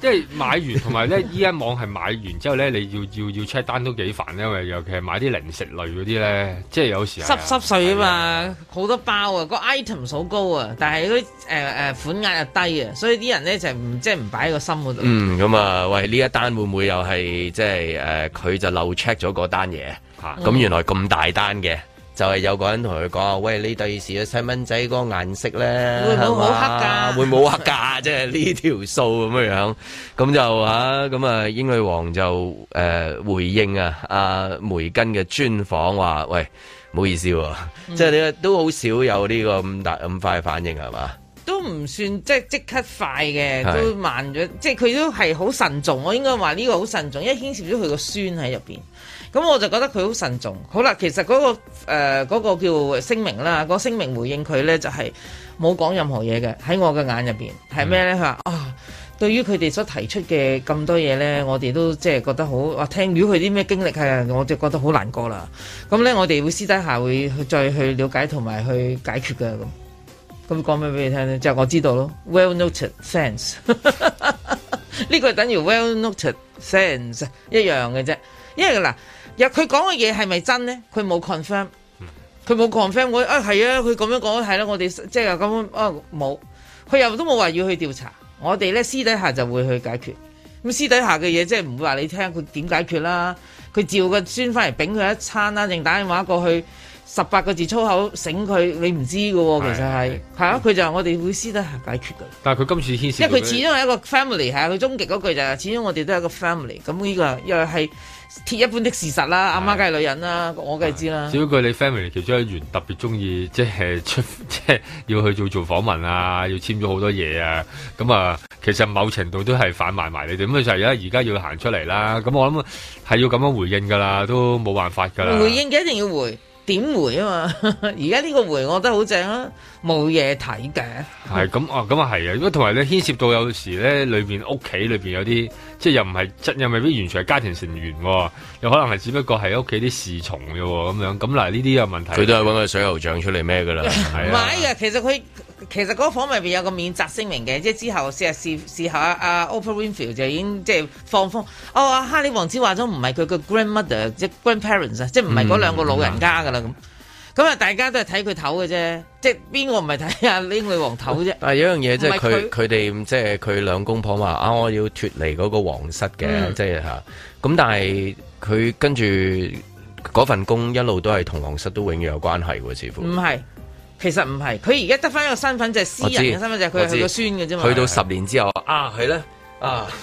即係 買完同埋咧，依一網係買完之後咧，你要要要 check 單都幾煩，因為尤其係買啲零食類嗰啲咧，即係有時濕濕碎啊嘛，好的多包啊，個 item 數高啊，但係嗰啲誒誒款額又低啊，所以啲人咧就唔即係唔擺喺個心嗰度、嗯。嗯，咁啊，喂，呢一單會唔會又係即係誒，佢、呃、就漏 check 咗嗰單嘢？吓、啊、咁、嗯、原來咁大單嘅。就係有個人同佢講啊，喂！你第二時嘅細蚊仔嗰個顏色咧，會唔會好黑㗎？ 會冇黑㗎？即係呢條數咁樣樣，咁就嚇咁啊！英女王就誒回應啊！阿梅根嘅專訪話，喂，唔好意思，即係你都好少有呢個咁大咁快反應係嘛？都唔算即係即刻快嘅，都慢咗。即係佢都係好慎重，我應該話呢個好慎重，因為牽涉咗佢個孫喺入邊。咁我就覺得佢好慎重。好啦，其實嗰、嗰個誒、呃嗰個、叫聲明啦，個聲明回應佢呢，就係冇講任何嘢嘅。喺我嘅眼入邊係咩呢？佢話啊，對於佢哋所提出嘅咁多嘢呢，我哋都即係覺得好啊。聽，如果佢啲咩經歷係，我就覺得好難過啦。咁呢，我哋會私底下會再去了解同埋去解決嘅。咁咁講咩俾你聽呢？就係、我知道咯。Well noted sense，呢個等於 well noted sense 一樣嘅啫，因為嗱。啦。佢講嘅嘢係咪真呢？佢冇 confirm，佢冇、嗯、confirm 我、哎、啊係啊，佢咁樣講係咯，我哋即係咁樣啊冇。佢又都冇話要去調查，我哋呢私底下就會去解決。咁私底下嘅嘢即係唔會話你聽佢點解決啦。佢照個孫翻嚟揈佢一餐啦，定打電話過去十八個字粗口醒佢？你唔知㗎喎、哦，其實係係啊，佢、啊、就我哋會私底下解決㗎。但係佢今次牽涉，因為佢始終係一個 family，係佢、啊、終極嗰句就係始終我哋都係一個 family。咁呢個又係。鐵一般的事實啦，阿媽梗係女人啦，啊、我梗係知啦。只不過你 family 其中一員特別中意即係出即係要去做做訪問啊，要簽咗好多嘢啊。咁啊，其實某程度都係反埋埋你哋。咁就而家而家要行出嚟啦。咁我諗係要咁樣回應噶啦，都冇辦法噶啦。回應嘅一定要回，點回啊嘛？而家呢個回我覺得好正啊，冇嘢睇嘅。係 咁啊，咁啊係啊，如果同埋咧牽涉到有時咧裏邊屋企裏邊有啲。即係又唔係，又未必完全係家庭成員，又可能係只不過係屋企啲侍從嘅咁樣。咁嗱，呢啲有問題。佢都係揾個水牛長出嚟咩嘅啦。唔係 啊 其，其實佢其實嗰個訪問入邊有個免責聲明嘅，即係之後試下試試下阿、啊、Oprah Winfrey 就已經即係放風。哦，阿哈利王子話咗唔係佢個 grandmother 即 grandparents 啊，即係唔係嗰兩個老人家嘅啦咁。嗯嗯咁啊！大家都係睇佢頭嘅啫，即係邊個唔係睇阿英女王頭啫？ 但係有樣嘢即係佢佢哋即係佢兩公婆話啊！我要脫離嗰個皇室嘅，嗯、即係吓。咁、啊、但係佢跟住嗰份工一路都係同皇室都永遠有關係嘅，似乎唔係。其實唔係，佢而家得翻一個身份就係、是、私人嘅身份，就係佢係個孫嘅啫嘛。去，去到十年之後啊，係咧。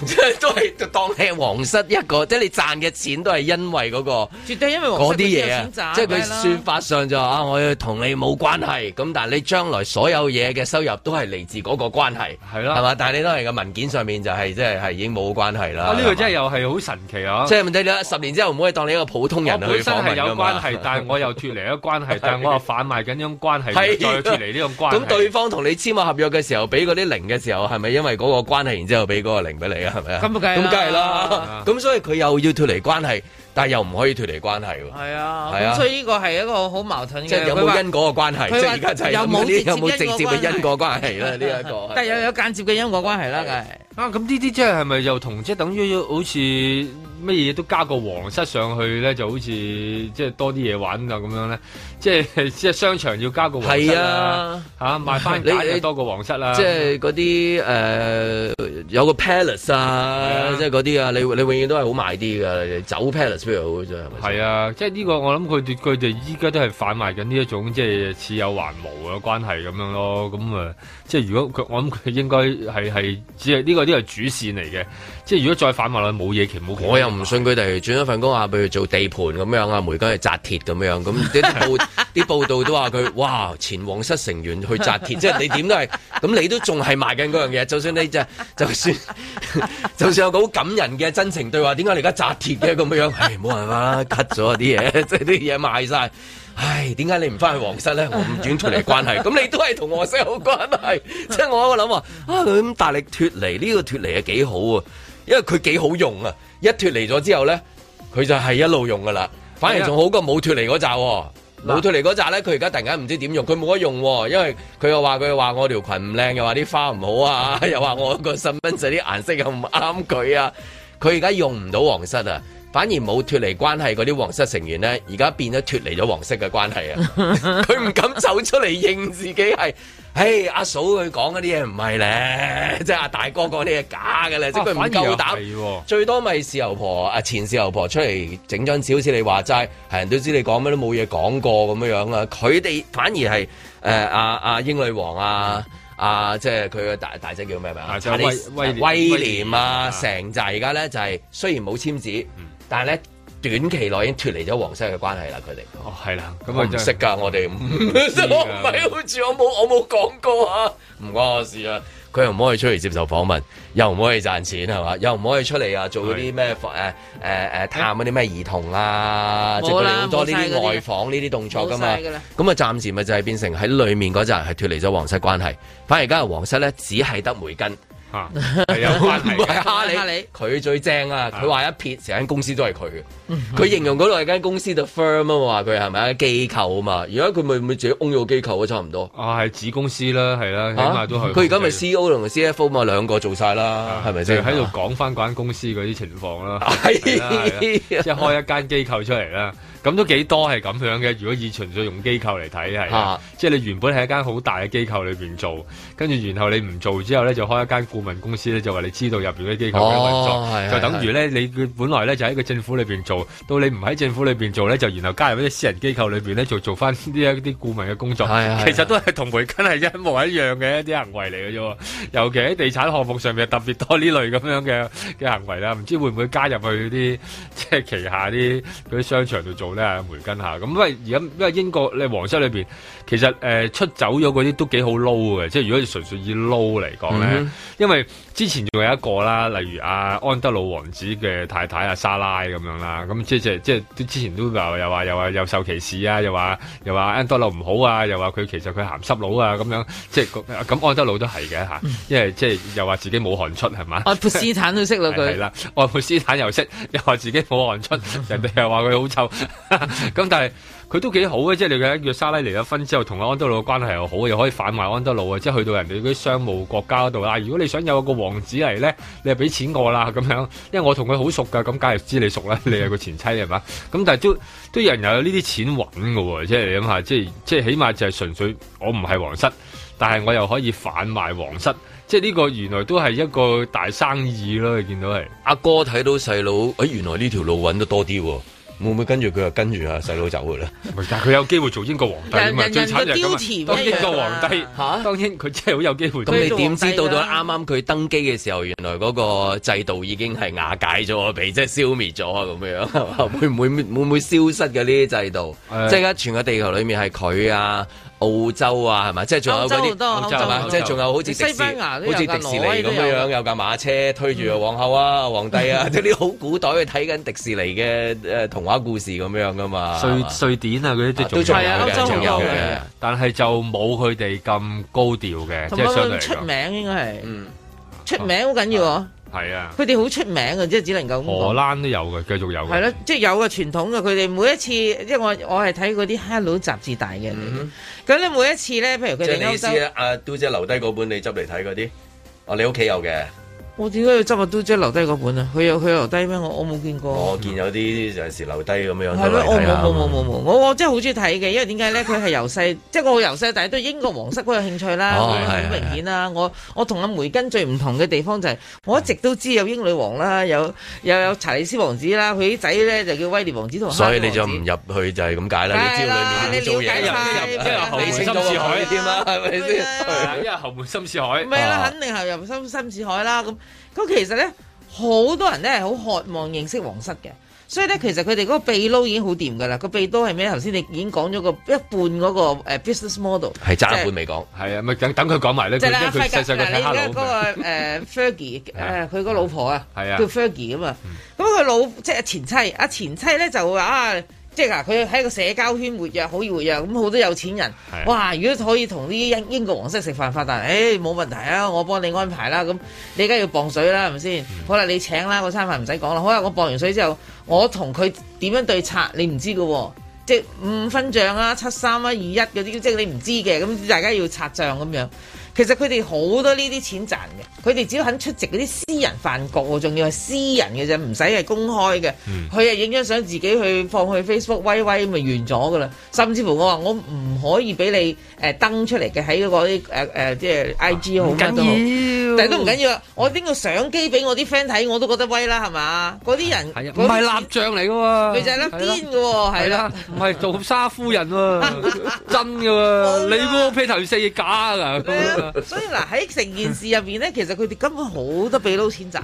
即係都係當你係皇室一個，即係你賺嘅錢都係因為嗰個，絕對因為嗰啲嘢，即係佢算法上就話啊，我要同你冇關係，咁但係你將來所有嘢嘅收入都係嚟自嗰個關係，係啦，係嘛？但係你都係個文件上面就係即係係已經冇關係啦。呢個真係又係好神奇啊！即係問題你十年之後唔可以當你一個普通人。我本身係有關係，但係我又脫離咗關係，但係我又販賣緊呢種關係，再脫離呢種關係。咁對方同你簽埋合約嘅時候，俾嗰啲零嘅時候，係咪因為嗰個關係，然之後俾嗰個零？俾你啊，係咪啊？咁梗係啦，咁所以佢又要脫離關係，但係又唔可以脫離關係喎。係啊，係啊，所以呢個係一個好矛盾嘅。即係有冇說因果嘅關係？即係而家就係有冇有冇直接嘅因果關係咧？呢一個但係又有間接嘅因果關係啦，係。啊，咁呢啲即係係咪又同即係等於好似？乜嘢都加個皇室上去咧，就好似即係多啲嘢玩啊咁樣咧，即係即係商場要加個皇室，係啊嚇賣翻，你你多個皇室啦，即係嗰啲誒有個 palace 啊，即係嗰啲啊，啊你你永遠都係好賣啲嘅，如走 palace 比較好嘅啫，係啊，即係呢個我諗佢佢哋依家都係販賣緊呢一種即係似有還無嘅關係咁樣咯，咁啊。即係如果佢，我諗佢應該係係，只係呢個啲係、這個、主線嚟嘅。即係如果再反問落去，冇嘢，其冇。我又唔信佢哋轉咗份工，譬如做地盤咁樣啊，梅根去紮鐵咁樣。咁啲報啲 報道都話佢，哇！前皇室成員去紮鐵，即係你點都係咁，你都仲係賣緊嗰樣嘢。就算你就就算就算，就算有個好感人嘅真情對話，點解你而家紮鐵嘅咁樣？係冇辦法啦，cut 咗啲嘢，即係啲嘢賣晒。唉，點解你唔翻去皇室咧？我唔轉脱離關係，咁 你都係同皇室有關係。即係我喺度諗話，啊咁大力脱離呢個脱離係幾好啊？因為佢幾好用啊！一脱離咗之後咧，佢就係一路用噶啦。反而仲好過冇脱離嗰扎。冇脱離嗰扎咧，佢而家突然間唔知點用，佢冇得用。因為佢又話佢話我條裙唔靚，又話啲花唔好啊，又話我個細蚊仔啲顏色又唔啱佢啊。佢而家用唔到皇室啊。反而冇脱離關係嗰啲皇室成員咧，而家變咗脱離咗皇室嘅關係啊！佢唔敢走出嚟認自己係，唉阿嫂佢講嗰啲嘢唔係咧，即係阿大哥講啲嘢假嘅咧，即係佢唔夠膽。最多咪侍候婆啊，前侍候婆出嚟整張紙，好似你話齋，係人都知你講乜都冇嘢講過咁樣樣啊！佢哋反而係誒阿阿英女王啊啊，即係佢嘅大大姐叫咩名？威威廉啊，成就而家咧就係雖然冇簽字，但係咧，短期內已經脱離咗皇室嘅關係啦。佢哋哦，係啦，咁啊就識噶，我哋唔，我唔係好似我冇，我冇講過啊，唔關我事啊。佢又唔可以出嚟接受訪問，又唔可以賺錢係嘛？又唔可以出嚟啊做嗰啲咩誒誒誒探嗰啲咩兒童啦，即係嚟好多呢啲外訪呢啲動作噶嘛。咁啊，暫時咪就係變成喺裏面嗰陣係脱離咗皇室關係，反而而家皇室咧只係得梅根。 啊，有關係。哈里、啊，佢、啊、最正啊！佢話、啊、一撇成間公司都係佢嘅。佢 形容嗰度係間公司嘅 firm 啊嘛，佢係咪一機構啊嘛？而家佢咪咪自己 own 機構都差唔多。啊，係子公司啦，係啦、啊，起碼都係。佢而家咪 CO 同 CFO 嘛，兩個做晒啦，係咪先？喺度講翻嗰間公司嗰啲情況啦。係即係開一間機構出嚟啦。咁都幾多係咁樣嘅？如果以純粹用機構嚟睇，係、啊啊、即係你原本喺一間好大嘅機構裏邊做，跟住，然後你唔做之後咧，就開一間顧問公司咧，就話你知道入邊啲機構嘅運作，就等於咧你佢本來咧就喺個政府裏邊做到，你唔喺政府裏邊做咧，就然後加入一啲私人機構裏邊咧，做做翻呢一啲顧問嘅工作，其實都係同梅根係一模一樣嘅一啲行為嚟嘅啫喎。尤其喺地產項目上面特別多呢類咁樣嘅嘅行為啦，唔知會唔會加入去嗰啲即係旗下啲嗰啲商場度做咧？梅根吓，咁，因為而家因為英國你皇室裏邊其實誒出走咗嗰啲都幾好撈嘅，即係如果。純粹以撈嚟講咧，mm hmm. 因為之前仲有一個啦，例如阿、啊、安德魯王子嘅太太阿莎拉咁樣啦，咁即係即係即係之前都又又話又話又受歧視啊，又話又話安德魯唔好啊，又話佢其實佢鹹濕佬啊咁樣，即係咁、啊、安德魯都係嘅嚇，啊 mm hmm. 因為即係又話自己冇汗出係嘛？愛普斯坦都識啦佢，係啦 愛普斯坦又識又話自己冇汗出，人哋又話佢好臭，咁 但係。佢都幾好嘅，即係你嘅約莎拉離咗婚之後，同阿安德魯嘅關係又好，又可以販賣安德魯啊！即係去到人哋啲商務國家嗰度啊！如果你想有個王子嚟咧，你係俾錢我啦咁樣，因為我同佢好熟㗎，咁梗係知你熟啦，你係個前妻係嘛？咁 但係都都有人又有呢啲錢揾㗎喎，即係你諗下，即係即係起碼就係純粹我唔係皇室，但係我又可以販賣皇室，即係呢個原來都係一個大生意咯。你見到係阿哥睇到細佬，哎，原來呢條路揾得多啲喎。會唔會跟住佢就跟住啊細佬走嘅咧？但係佢有機會做英國皇帝， 最慘就當英國皇帝，當英佢真係好有機會。咁你點知到，到啱啱佢登基嘅時候，原來嗰個制度已經係瓦解咗，被即係消滅咗咁樣， 會唔會會唔會消失嘅呢啲制度？即係而家全個地球裡面係佢啊！澳洲啊，係咪？即係仲有嗰啲，係嘛？即係仲有好似西班牙，好似迪士尼咁嘅樣，有架馬車推住啊，皇后啊、皇帝啊，即係啲好古代去睇緊迪士尼嘅誒童話故事咁樣噶嘛？瑞典啊，嗰啲都仲有嘅，但係就冇佢哋咁高調嘅，即係相對嚟講。出名應該係，嗯，出名好緊要。啊。係啊，佢哋好出名啊，即係只能夠咁講。荷蘭都有嘅，繼續有嘅。係咯，即係有個傳統嘅，佢哋每一次，即係我我係睇嗰啲 Hello 雜誌大嘅。咁、嗯、你每一次咧，譬如佢哋歐洲，即係你意思啊？阿嘟姐留低嗰本你執嚟睇嗰啲，哦，你屋企有嘅。我點解要執啊？都即係留低個本啊！佢有佢留低咩？我我冇見過。我見有啲有時留低咁樣，我冇冇冇冇冇！我真係好中意睇嘅，因為點解咧？佢係由細即係我由細，但係對英國皇室都有興趣啦，好明顯啦。我我同阿梅根最唔同嘅地方就係，我一直都知有英女王啦，有又有查理斯王子啦，佢啲仔咧就叫威廉王子同。所以你就唔入去就係咁解啦。你知裡面啲做嘢入入後門深似海添啦，係咪先？因為後門深似海。唔係啦，肯定係入深深似海啦咁。咁其實咧，好多人咧係好渴望認識皇室嘅，所以咧其實佢哋嗰個秘撈已經好掂噶啦，個秘撈係咩？頭先你已經講咗個一半嗰個 business model，係爭一半未講，係、就是、啊，咪等等佢講埋咧。即係佢細細個睇下，嗱你而家嗰個、呃、Fergie 誒佢、 呃、個老婆啊，係啊，叫 Fergie 啊嘛，咁佢、啊嗯、老即係前妻，阿前妻咧就話啊。即係嗱，佢喺個社交圈活躍，好活躍。咁、嗯、好多有錢人，是的 哇！如果可以同啲英國皇室食飯發達，誒、哎、冇問題啊，我幫你安排啦。咁你而家要磅水啦，係咪先？好啦，你請啦，個餐飯唔使講啦。好啦，我磅完水之後，我同佢點樣對策，你唔知嘅喎、哦。即係五分帳啊，七三啊，二一嗰啲，即係你唔知嘅。咁大家要拆帳咁樣。其實佢哋好多呢啲錢賺嘅，佢哋只要肯出席嗰啲私人飯局，我仲要係私人嘅啫，唔使係公開嘅。佢係影咗相自己去放去 Facebook 威威咁咪完咗噶啦。甚至乎我話我唔可以俾你誒登出嚟嘅喺嗰啲誒誒即係 IG 號度，但係都唔緊要啦。我拎個相機俾我啲 friend 睇，我都覺得威啦，係嘛？嗰啲人唔係、啊、蠟像嚟嘅喎，佢就係粒堅嘅喎，係啦、啊，唔係、 啊、做沙夫人喎、啊， 真嘅喎、啊，你嗰個披頭四假㗎、啊。 所以嗱，喺成件事入邊咧，其實佢哋根本好多俾撈錢賺，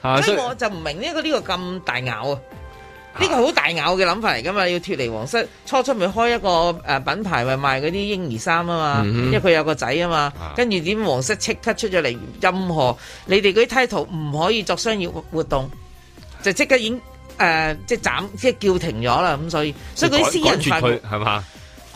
啊、所以所以我就唔明呢、呢個呢、呢個咁大咬啊！呢個好大咬嘅諗法嚟噶嘛，要脫離皇室，初初咪開一個誒品牌，咪賣嗰啲嬰兒衫啊嘛，嗯、哼因為佢有個仔啊嘛，跟住點皇室即刻出咗嚟，任何你哋嗰啲 title 唔可以作商業活動，就即刻已經誒、呃、即係斬即係叫停咗啦。咁所以所以佢私人化係嘛？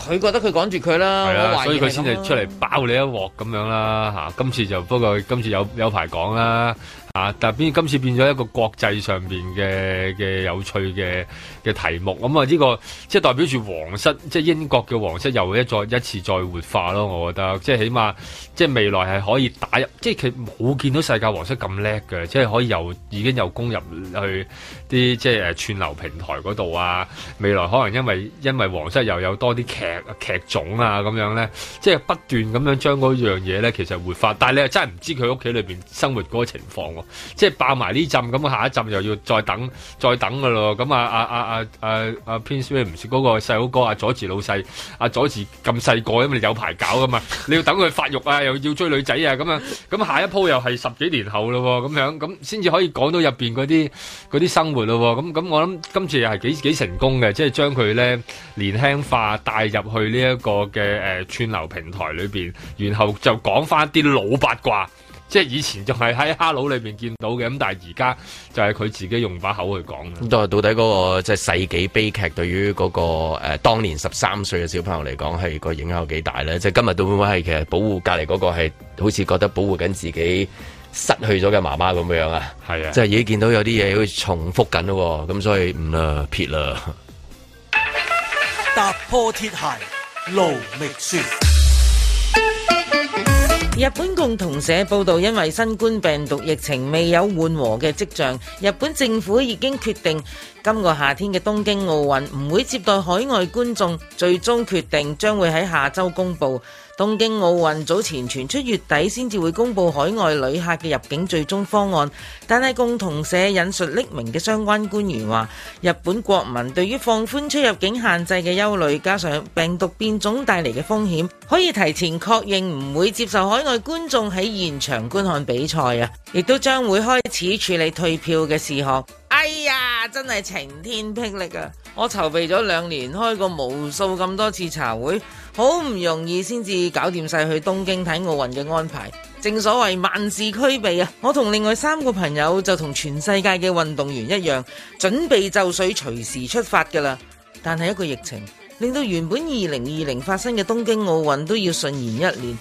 佢覺得佢趕住佢啦，的懷所以佢先至出嚟包你一鑊咁樣啦嚇、嗯啊。今次就不過今次有有排講啦。啊！但係今次變咗一個國際上邊嘅嘅有趣嘅嘅題目，咁啊呢個即係代表住皇室，即係英國嘅皇室又會一再一次再活化咯。我覺得即係起碼即係未來係可以打入，即係佢冇見到世界皇室咁叻嘅，即係可以又已經有攻入去啲即係誒串流平台度啊。未來可能因為因為皇室又有多啲劇劇種啊，咁樣咧，即係不斷咁樣將嗰樣嘢咧，其實活化。但係你又真係唔知佢屋企裏邊生活個情況。即係爆埋呢浸，咁下一浸又要再等，再等噶咯。咁啊啊啊啊啊 Prince William 唔識嗰個細佬哥啊，佐治老細，阿、啊、佐治咁細個，因為你有排搞噶嘛，你要等佢發育啊，又要追女仔啊，咁樣。咁下一鋪又係十幾年後咯，咁樣咁先至可以講到入邊嗰啲啲生活咯。咁咁我諗今次係幾幾成功嘅，即係將佢咧年輕化帶入去呢、這、一個嘅誒串流平台裏邊，然後就講翻啲老八卦。即係以前仲係喺 Hello 裏邊見到嘅，咁但係而家就係佢自己用把口去講啦。係到底嗰個即係世紀悲劇對於嗰，那個誒、呃、當年十三歲嘅小朋友嚟講，係個影響有幾大咧？即係今日都會唔會係其實保護隔籬嗰個係，好似覺得保護緊自己失去咗嘅媽媽咁樣啊？係啊的，即係已經見到有啲嘢好似重複緊咯，咁所以唔啦，嗯呃、撇啦。踏破鐵鞋路未絕。日本共同社報道，因為新冠病毒疫情未有緩和嘅跡象，日本政府已經決定今個夏天嘅東京奧運唔會接待海外觀眾，最終決定將會喺下周公布。東京奧運早前傳出月底先至會公布海外旅客嘅入境最終方案，但係共同社引述匿名嘅相關官員話，日本國民對於放寬出入境限制嘅憂慮，加上病毒變種帶嚟嘅風險，可以提前確認唔會接受海外觀眾喺現場觀看比賽啊！亦都將會開始處理退票嘅事項。哎呀，真係晴天霹靂啊！我籌備咗兩年，開過無數咁多次茶會。好唔容易先至搞掂晒去東京睇奧運嘅安排，正所謂萬事俱備啊！我同另外三個朋友就同全世界嘅運動員一樣，準備就緒，隨時出發㗎喇。但係一個疫情，令到原本二零二零發生嘅東京奧運都要順延一年。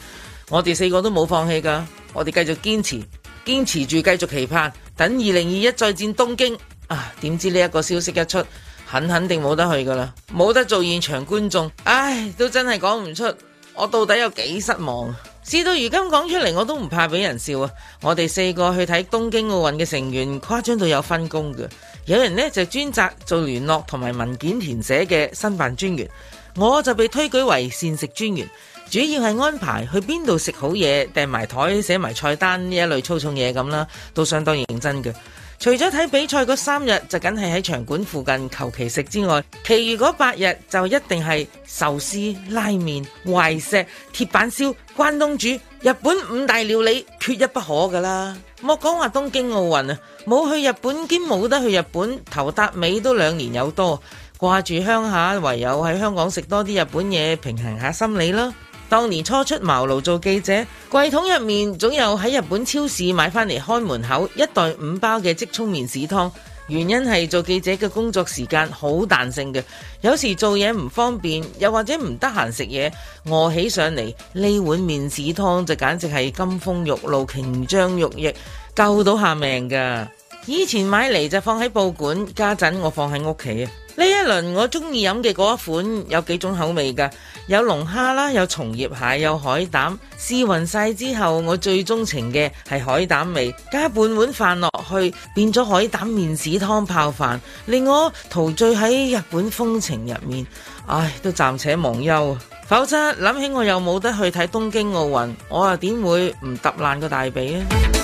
我哋四個都冇放棄㗎，我哋繼續堅持，堅持住繼續期盼，等二零二一再戰東京啊！點知呢一個消息一出，肯肯定冇得去噶啦，冇得做現場觀眾，唉，都真係講唔出，我到底有幾失望啊。事到如今講出嚟，我都唔怕俾人笑啊！我哋四個去睇東京奧運嘅成員，誇張到有分工嘅，有人呢就專責做聯絡同埋文件填寫嘅申辦專員，我就被推舉為膳食專員，主要係安排去邊度食好嘢，訂埋台寫埋菜單呢一類粗重嘢咁啦，都相當認真嘅。除咗睇比賽嗰三日就梗係喺場館附近求其食之外，其餘嗰八日就一定係壽司、拉麵、懷石、鐵板燒、關東煮、日本五大料理缺一不可噶啦。莫講話東京奧運啊，冇去日本兼冇得去日本，頭搭尾都兩年有多，掛住鄉下，唯有喺香港食多啲日本嘢，平衡下心理啦。當年初出茅廬做記者，櫃桶入面總有喺日本超市買返嚟開門口一袋五包嘅即沖麵豉湯，原因係做記者嘅工作時間好彈性嘅，有時做嘢唔方便，又或者唔得閒食嘢，餓起上嚟，呢碗麵豉湯就簡直係金風玉露瓊漿玉液，救到下命噶。以前買嚟就放喺報館，家陣我放喺屋企啊。呢一輪我中意飲嘅嗰一款有幾種口味噶？有龍蝦啦，有松葉蟹，有海膽。試匀晒之後，我最鍾情嘅係海膽味，加半碗飯落去，變咗海膽麵豉湯泡飯，令我陶醉喺日本風情入面。唉，都暫且忘憂啊。否則諗起我又冇得去睇東京奧運，我又點會唔揼爛個大髀啊？